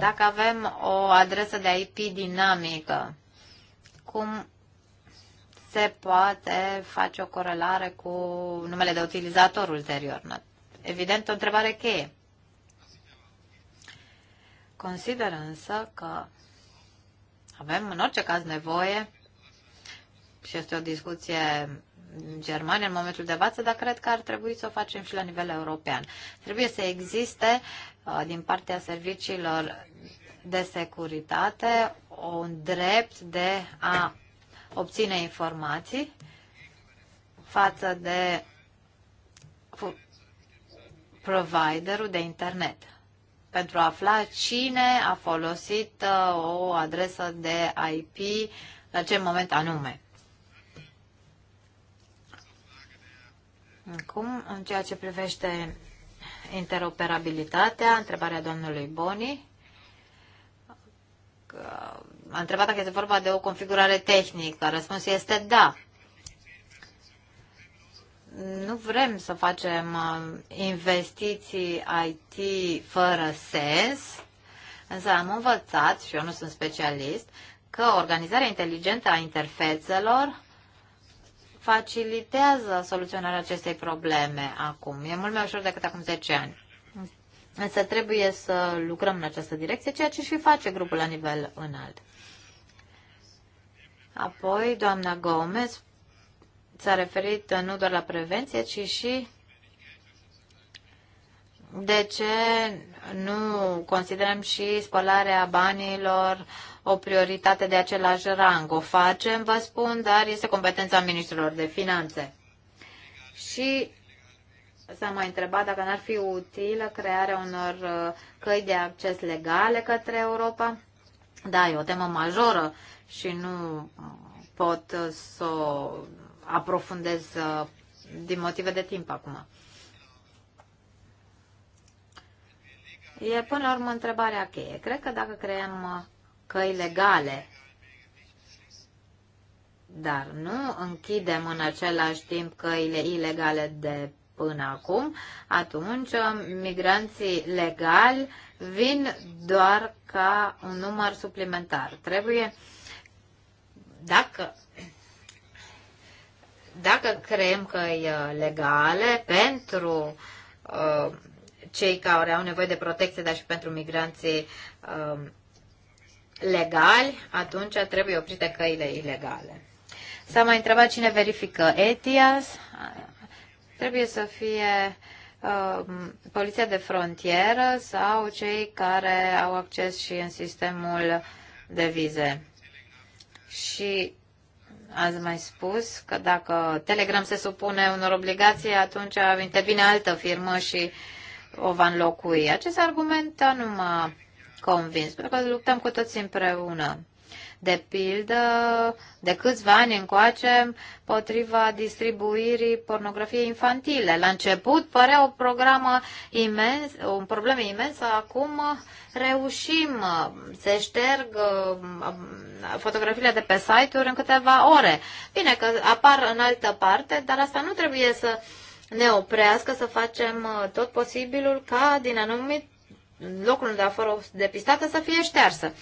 dacă avem o adresă de IP dinamică, cum se poate face o corelare cu numele de utilizator ulterior? Evident, o întrebare cheie. Consider însă că avem în orice caz nevoie și este o discuție în Germania în momentul de față, dar cred că ar trebui să o facem și la nivel european. Trebuie să existe Uh, din partea serviciilor de securitate un drept de a obține informații față de providerul de internet pentru a afla cine a folosit uh, o adresă de IP la ce moment anume. Acum, în ceea ce privește interoperabilitatea, întrebarea domnului Boni. A întrebat dacă este vorba de o configurare tehnică. Răspunsul este da. Nu vrem să facem uh, investiții IT fără sens, însă am învățat, și eu nu sunt specialist, că organizarea inteligentă a interfețelor facilitează soluționarea acestei probleme acum. E mult mai ușor decât acum 10 ani. Însă trebuie să lucrăm în această direcție, ceea ce și face grupul la nivel înalt. Apoi, doamna Gomez s-a referit nu doar la prevenție, ci și de ce nu considerăm și spălarea banilor o prioritate de același rang. O facem, vă spun, dar este competența ministrilor de finanțe. Și s-a mai întrebat dacă n-ar fi utilă crearea unor uh, căi de acces legale către Europa. Da, e o temă majoră și nu uh, pot uh, să o aprofundez din motive de timp acum. E până la urmă întrebarea cheie. Cred că dacă creăm căi legale. Dar nu închidem în același timp căile ilegale de până acum, atunci migranții legali vin doar ca un număr suplimentar. Trebuie, dacă, dacă creăm căi legale pentru uh, cei care au nevoie de protecție, dar și pentru migranții uh, legali, atunci trebuie oprite căile ilegale. S-a mai întrebat cine verifică ETIAS. Trebuie să fie um, poliția de frontieră sau cei care au acces și în sistemul de vize. Și ați mai spus că dacă Telegram se supune unor obligații, atunci intervine altă firmă și o va înlocui. Acest argument nu m-a convins, pentru că luptăm cu toți împreună. De pildă, de câțiva ani încoace, potriva distribuirii pornografiei infantile. La început părea o programă imens, o problemă imensă, acum reușim. să șterg uh, fotografiile de pe site-uri în câteva ore. Bine că apar în altă parte, dar asta nu trebuie să ne oprească să facem uh, tot posibilul ca din anumit locul unde a fost depistată să fie ștearsă.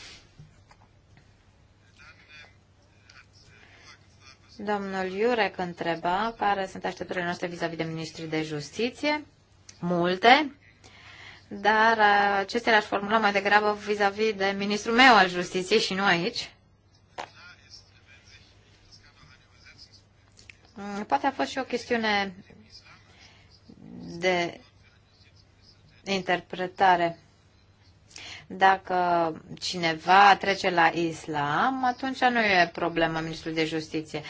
Domnul Iurec întreba care sunt așteptările noastre vis-a-vis de ministrii de justiție. Multe, dar acestea le-aș formula mai degrabă vis-a-vis -vis de ministrul meu al justiției și nu aici. Poate a fost și o chestiune de interpretare dacă cineva trece la islam, atunci nu e problemă ministrul de justiție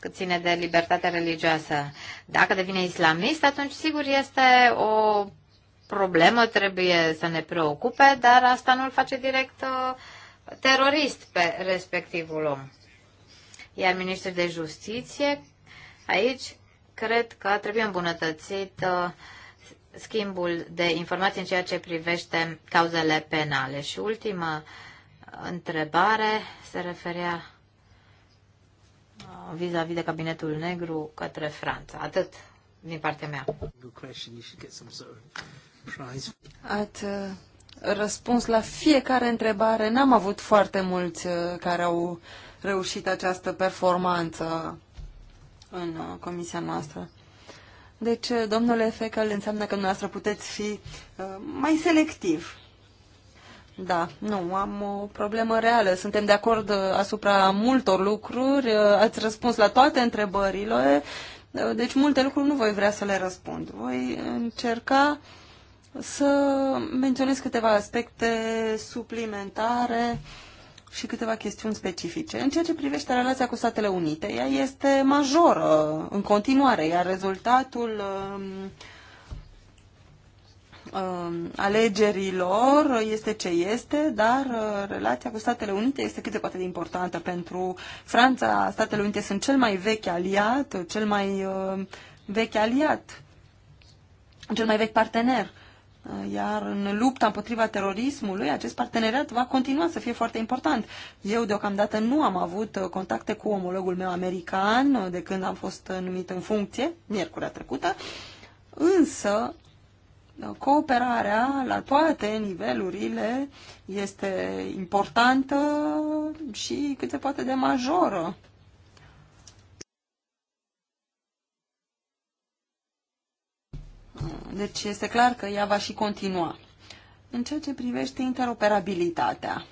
cât ține de libertatea religioasă. Dacă devine islamist, atunci sigur este o problemă, trebuie să ne preocupe, dar asta nu îl face direct uh, terorist pe respectivul om. Iar ministrul de justiție, aici, cred că trebuie îmbunătățit uh, schimbul de informații în ceea ce privește cauzele penale. Și ultima întrebare se referea uh, vis-a-vis -vis de cabinetul negru către Franța. Atât din partea mea. At, uh, răspuns la fiecare întrebare. N-am avut foarte mulți uh, care au reușit această performanță în comisia noastră. Deci, domnule Fecal, înseamnă că noastră puteți fi uh, mai selectiv. Da, nu, am o problemă reală. Suntem de acord uh, asupra multor lucruri, uh, ați răspuns la toate întrebările, deci multe lucruri nu voi vrea să le răspund. Voi încerca să menționez câteva aspecte suplimentare uh, și câteva chestiuni specifice. În ceea ce privește relația cu Statele Unite, ea este majoră în continuare, iar rezultatul um, um, alegerilor este ce este, dar uh, relația cu Statele Unite este cât de poate de importantă pentru Franța. Statele Unite sunt cel mai vechi aliat, cel mai uh, vechi aliat, cel mai vechi partener Uh, iar în lupta împotriva terorismului, acest parteneriat va continua să fie foarte important. Eu deocamdată nu am avut uh, contacte cu omologul meu american uh, de când am fost numit în funcție, miercurea trecută, însă cooperarea la toate nivelurile este importantă și cât se poate de majoră. Deci este clar că ea va și continua. În ceea ce privește interoperabilitatea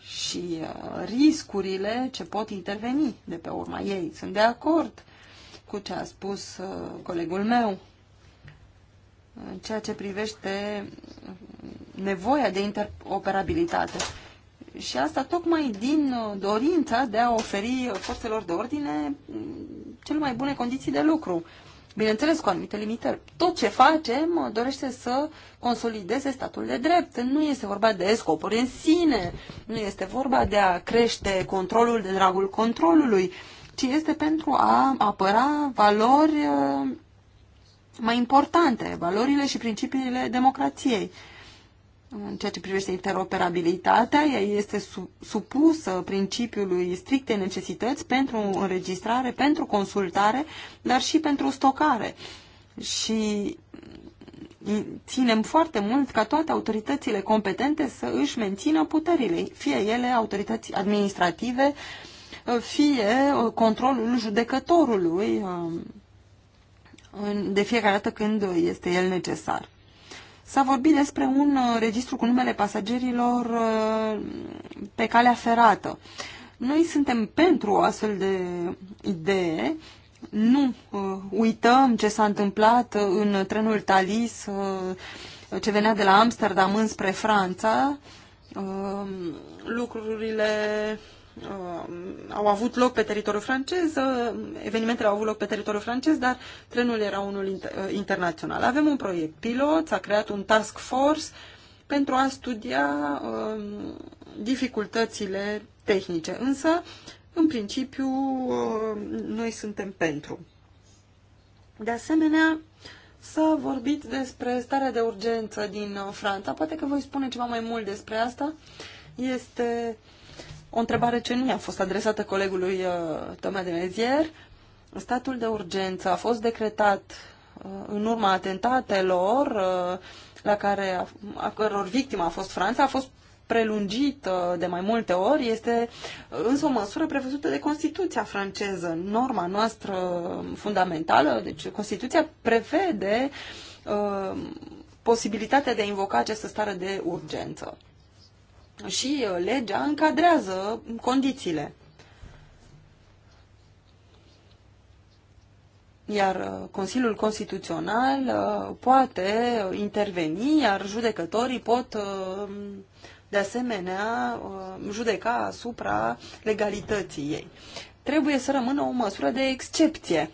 și uh, riscurile ce pot interveni de pe urma ei, sunt de acord cu ce a spus uh, colegul meu. În ceea ce privește uh, nevoia de interoperabilitate. Și asta tocmai din dorința de a oferi forțelor de ordine mm, cele mai bune condiții de lucru bineînțeles cu anumite limitări. Tot ce facem dorește să consolideze statul de drept. Nu este vorba de scopuri în sine, nu este vorba de a crește controlul de dragul controlului, ci este pentru a apăra valori uh, mai importante, valorile și principiile democrației în ceea ce privește interoperabilitatea, ea este supusă principiului stricte necesități pentru înregistrare, pentru consultare, dar și pentru stocare. Și ținem foarte mult ca toate autoritățile competente să își mențină puterile, fie ele autorități administrative, fie uh, controlul judecătorului um, de fiecare dată când este el necesar. S-a vorbit despre un uh, registru cu numele pasagerilor uh, pe calea ferată. Noi suntem pentru o astfel de idee. Nu uh, uităm ce s-a întâmplat în trenul talis ce venea de la Amsterdam înspre Franța. Lucrurile Uh, au avut loc pe teritoriul francez, uh, evenimentele au avut loc pe teritoriul francez, dar trenul era unul uh, internațional. Avem un proiect pilot, s-a creat un task force pentru a studia um, dificultățile tehnice, însă, în principiu, noi suntem pentru. De asemenea, să vorbiți despre starea de urgență din Franța. Poate că voi spune ceva mai mult despre asta. Este uh, o întrebare ce nu i-a fost adresată colegului uh, Toma de Mezier. Statul de urgență a fost decretat uh, în urma atentatelor uh, la care a, a căror victima a fost Franța, a fost prelungit uh, de mai multe ori, este uh, însă o măsură prevăzută de Constituția franceză. Norma noastră fundamentală, deci Constituția prevede uh, posibilitatea de a invoca această stare de urgență și uh, legea încadrează condițiile. Iar uh, Consiliul Constituțional uh, poate interveni, iar judecătorii pot de asemenea judeca asupra legalității ei. Trebuie să rămână o măsură de excepție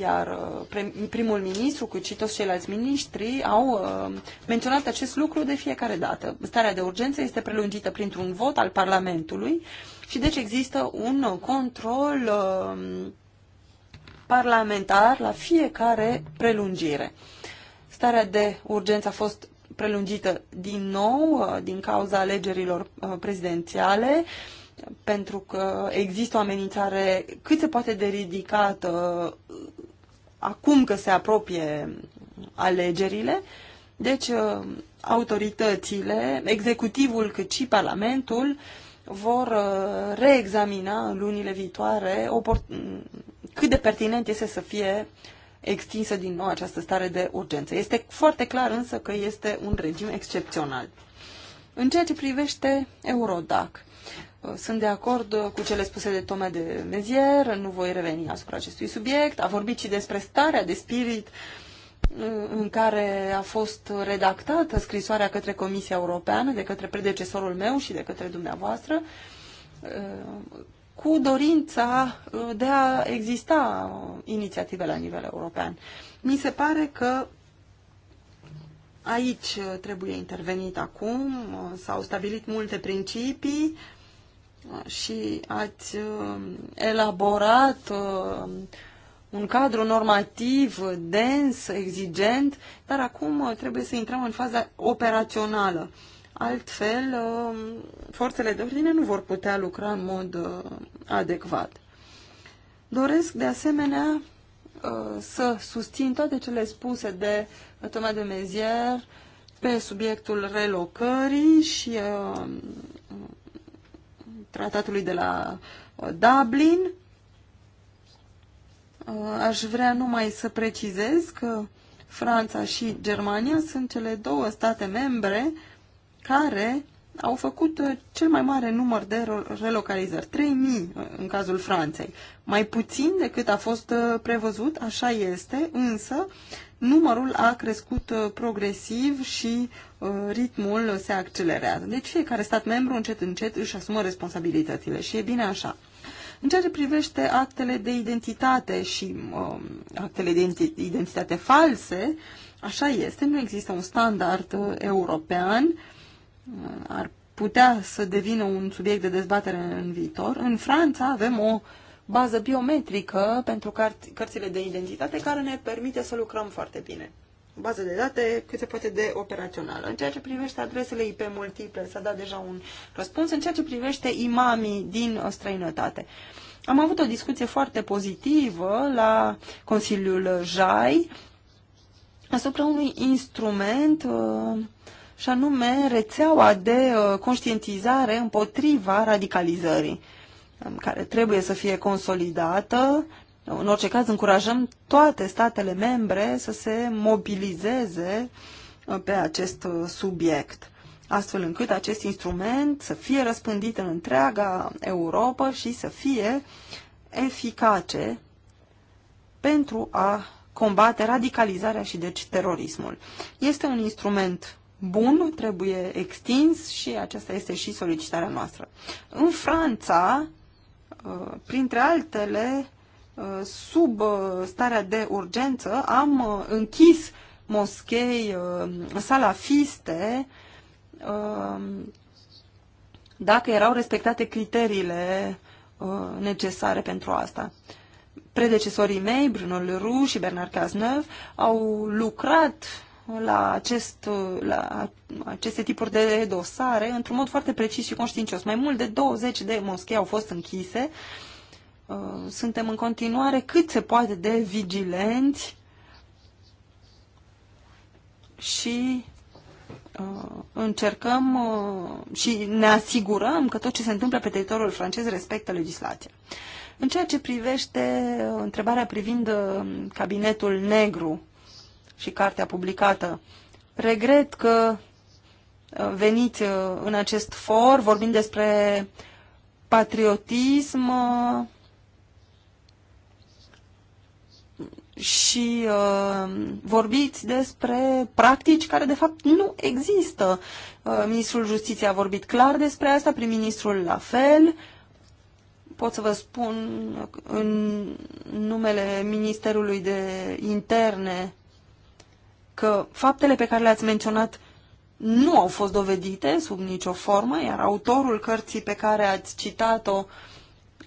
iar uh, primul ministru, cu și toți ceilalți miniștri, au uh, menționat acest lucru de fiecare dată. Starea de urgență este prelungită printr-un vot al Parlamentului și deci există un control um, parlamentar la fiecare prelungire. Starea de urgență a fost prelungită din nou uh, din cauza alegerilor prezidențiale, pentru că există o amenințare cât se poate de ridicată acum că se apropie alegerile, deci uh, autoritățile, executivul cât și Parlamentul vor uh, reexamina în lunile viitoare cât de pertinent este să fie extinsă din nou această stare de urgență. Este foarte clar însă că este un regim excepțional. În ceea ce privește Eurodac, sunt de acord cu cele spuse de Tome de Mezier, nu voi reveni asupra acestui subiect. A vorbit și despre starea de spirit uh, în care a fost redactată scrisoarea către Comisia Europeană, de către predecesorul meu și de către dumneavoastră, uh, cu dorința uh, de a exista inițiative la nivel european. Mi se pare că aici trebuie intervenit acum, s-au stabilit multe principii, și ați um, elaborat um, un cadru normativ dens, exigent, dar acum uh, trebuie să intrăm în faza operațională. Altfel, um, forțele de ordine nu vor putea lucra în mod uh, adecvat. Doresc, de asemenea, uh, să susțin toate cele spuse de Toma de Mezier pe subiectul relocării și tratatului de la uh, Dublin. Uh, aș vrea numai să precizez că Franța și Germania sunt cele două state membre care au făcut uh, cel mai mare număr de relocalizări, 3.000 uh, în cazul Franței. Mai puțin decât a fost uh, prevăzut, așa este, însă numărul a crescut progresiv și ritmul se accelerează. Deci fiecare stat membru încet încet își asumă responsabilitățile și e bine așa. În ceea ce privește actele de identitate și uh, actele de identitate false, așa este, nu există un standard european uh, ar putea să devină un subiect de dezbatere în viitor. În Franța avem o bază biometrică pentru căr- cărțile de identitate care ne permite să lucrăm foarte bine. O bază de date cât se poate de operațională. În ceea ce privește adresele IP multiple, s-a dat deja un răspuns. În ceea ce privește imamii din străinătate. Am avut o discuție foarte pozitivă la Consiliul JAI asupra unui instrument uh, și anume rețeaua de uh, conștientizare împotriva radicalizării, um, care trebuie să fie consolidată. În orice caz, încurajăm toate statele membre să se mobilizeze uh, pe acest uh, subiect, astfel încât acest instrument să fie răspândit în întreaga Europa și să fie eficace pentru a combate radicalizarea și deci terorismul. Este un instrument bun, trebuie extins și aceasta este și solicitarea noastră. În Franța, uh, printre altele, uh, sub uh, starea de urgență, am închis moschei salafiste dacă erau respectate criteriile necesare pentru asta. Predecesorii mei, Bruno Leroux și Bernard Cazeneuve, au lucrat la, acest, la aceste tipuri de dosare într-un mod foarte precis și conștiincios. Mai mult de 20 de moschei au fost închise. Uh, suntem în continuare cât se poate de vigilenți și uh, încercăm uh, și ne asigurăm că tot ce se întâmplă pe teritoriul francez respectă legislația. În ceea ce privește întrebarea privind cabinetul negru, și cartea publicată. Regret că uh, veniți uh, în acest for, vorbim despre patriotism uh, și vorbiți despre practici care de fapt nu există. Ministrul Justiției a vorbit clar despre asta, prim-ministrul la fel. Pot să vă spun în numele Ministerului de Interne că faptele pe care le-ați menționat nu au fost dovedite sub nicio formă, iar autorul cărții pe care ați citat-o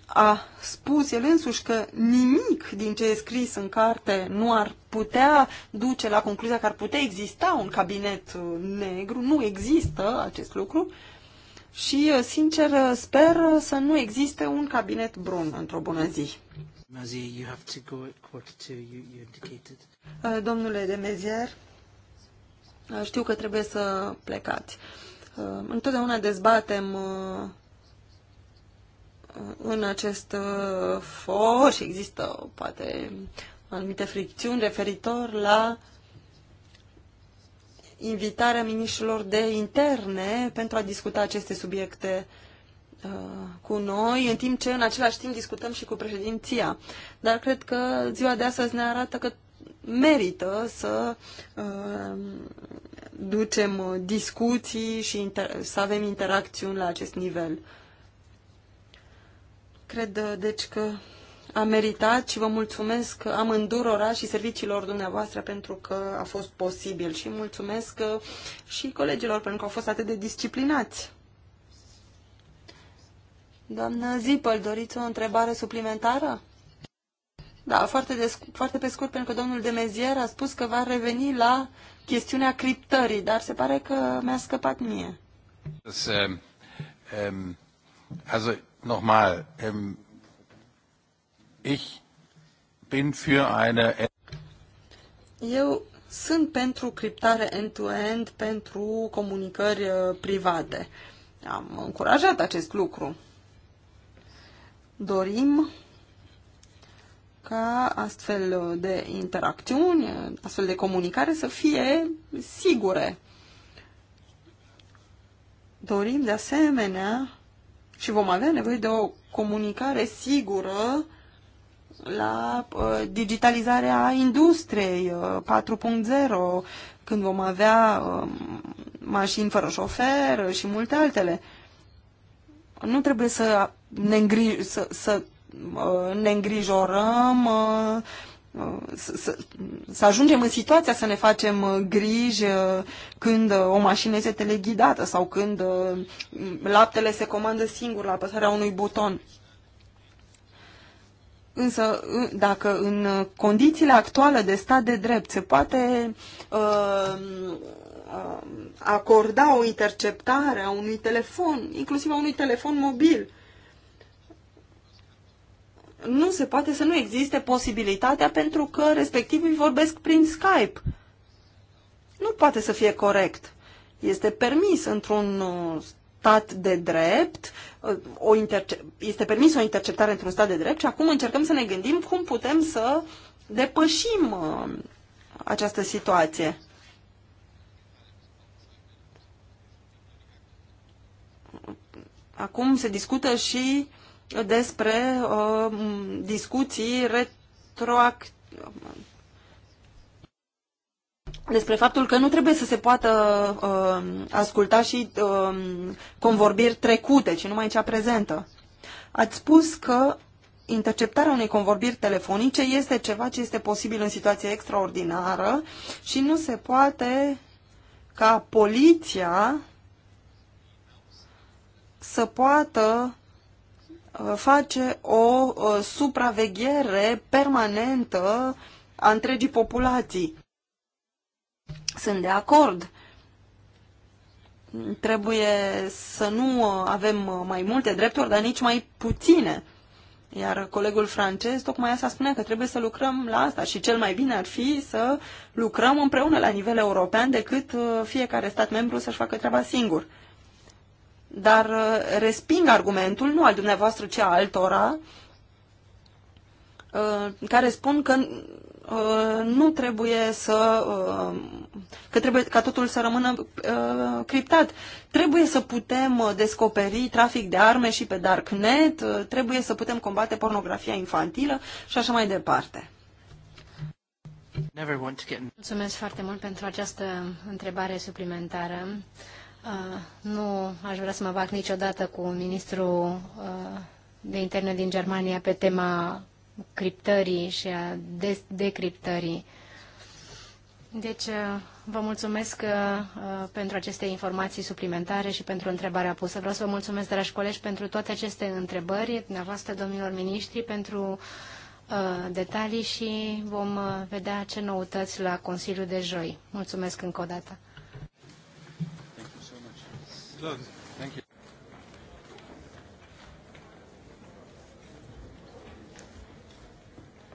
a spus el însuși că nimic din ce e scris în carte nu ar putea duce la concluzia că ar putea exista un cabinet uh, negru, nu există acest lucru și, uh, sincer, uh, sper să nu existe un cabinet brun într-o bună zi. Domnule de Mezier, uh, știu că trebuie să plecați. Uh, întotdeauna dezbatem uh, în acest for și există poate anumite fricțiuni referitor la invitarea ministrilor de interne pentru a discuta aceste subiecte Uh, cu noi, în timp ce în același timp discutăm și cu președinția. Dar cred că ziua de astăzi ne arată că merită să uh, ducem discuții și să avem interacțiuni la acest nivel. Cred, uh, deci, că a meritat și vă mulțumesc amândurora și serviciilor dumneavoastră pentru că a fost posibil și mulțumesc uh, și colegilor pentru că au fost atât de disciplinați. Doamnă Zipăl, doriți o întrebare suplimentară? Da, foarte, foarte pe scurt, pentru că domnul Demezier a spus că va reveni la chestiunea criptării, dar se pare că mi-a scăpat mie. Das, ähm, ähm, also nochmal, ähm, ich bin für eine... Eu sunt pentru criptare end-to-end, -end, pentru comunicări uh, private. Am încurajat acest lucru dorim ca astfel de interacțiuni, astfel de comunicare să fie sigure. Dorim de asemenea și vom avea nevoie de o comunicare sigură la uh, digitalizarea industriei 4.0, uh, când vom avea um, mașini fără șofer și multe altele. Nu trebuie să ne, îngri- să, să uh, ne îngrijorăm, uh, să, să, să ajungem în situația să ne facem uh, griji când o mașină este teleghidată sau când laptele se comandă singur la apăsarea unui buton. Însă, dacă în condițiile actuale de stat de drept se poate uh, acorda o interceptare a unui telefon, inclusiv a unui telefon mobil, nu se poate să nu existe posibilitatea pentru că respectivii vorbesc prin Skype. Nu poate să fie corect. Este permis într-un uh, stat de drept, uh, o este permis o interceptare într-un stat de drept și acum încercăm să ne gândim cum putem să depășim uh, această situație. Acum se discută și despre uh, discuții retroactive despre faptul că nu trebuie să se poată uh, asculta și uh, convorbiri trecute, ci numai cea prezentă. Ați spus că interceptarea unei convorbiri telefonice este ceva ce este posibil în situație extraordinară și nu se poate ca poliția să poată face o supraveghere permanentă a întregii populații. Sunt de acord. Trebuie să nu avem mai multe drepturi, dar nici mai puține. Iar colegul francez tocmai asta spunea că trebuie să lucrăm la asta și cel mai bine ar fi să lucrăm împreună la nivel european decât uh, fiecare stat membru să-și facă treaba singur dar uh, resping argumentul, nu al dumneavoastră, ci al altora, uh, care spun că uh, nu trebuie să că trebuie ca totul să rămână criptat. Trebuie să putem descoperi trafic de arme și pe darknet, trebuie să putem combate pornografia infantilă și așa mai departe. Mulțumesc foarte mult pentru această întrebare suplimentară. Nu aș vrea să mă bag niciodată cu ministrul de interne din Germania pe tema criptării și a decriptării. Deci, vă mulțumesc pentru aceste informații suplimentare și pentru întrebarea pusă. Vreau să vă mulțumesc, dragi colegi, pentru toate aceste întrebări, dumneavoastră, domnilor miniștri, pentru detalii și vom vedea ce noutăți la Consiliul de joi. Mulțumesc încă o dată. Thank you.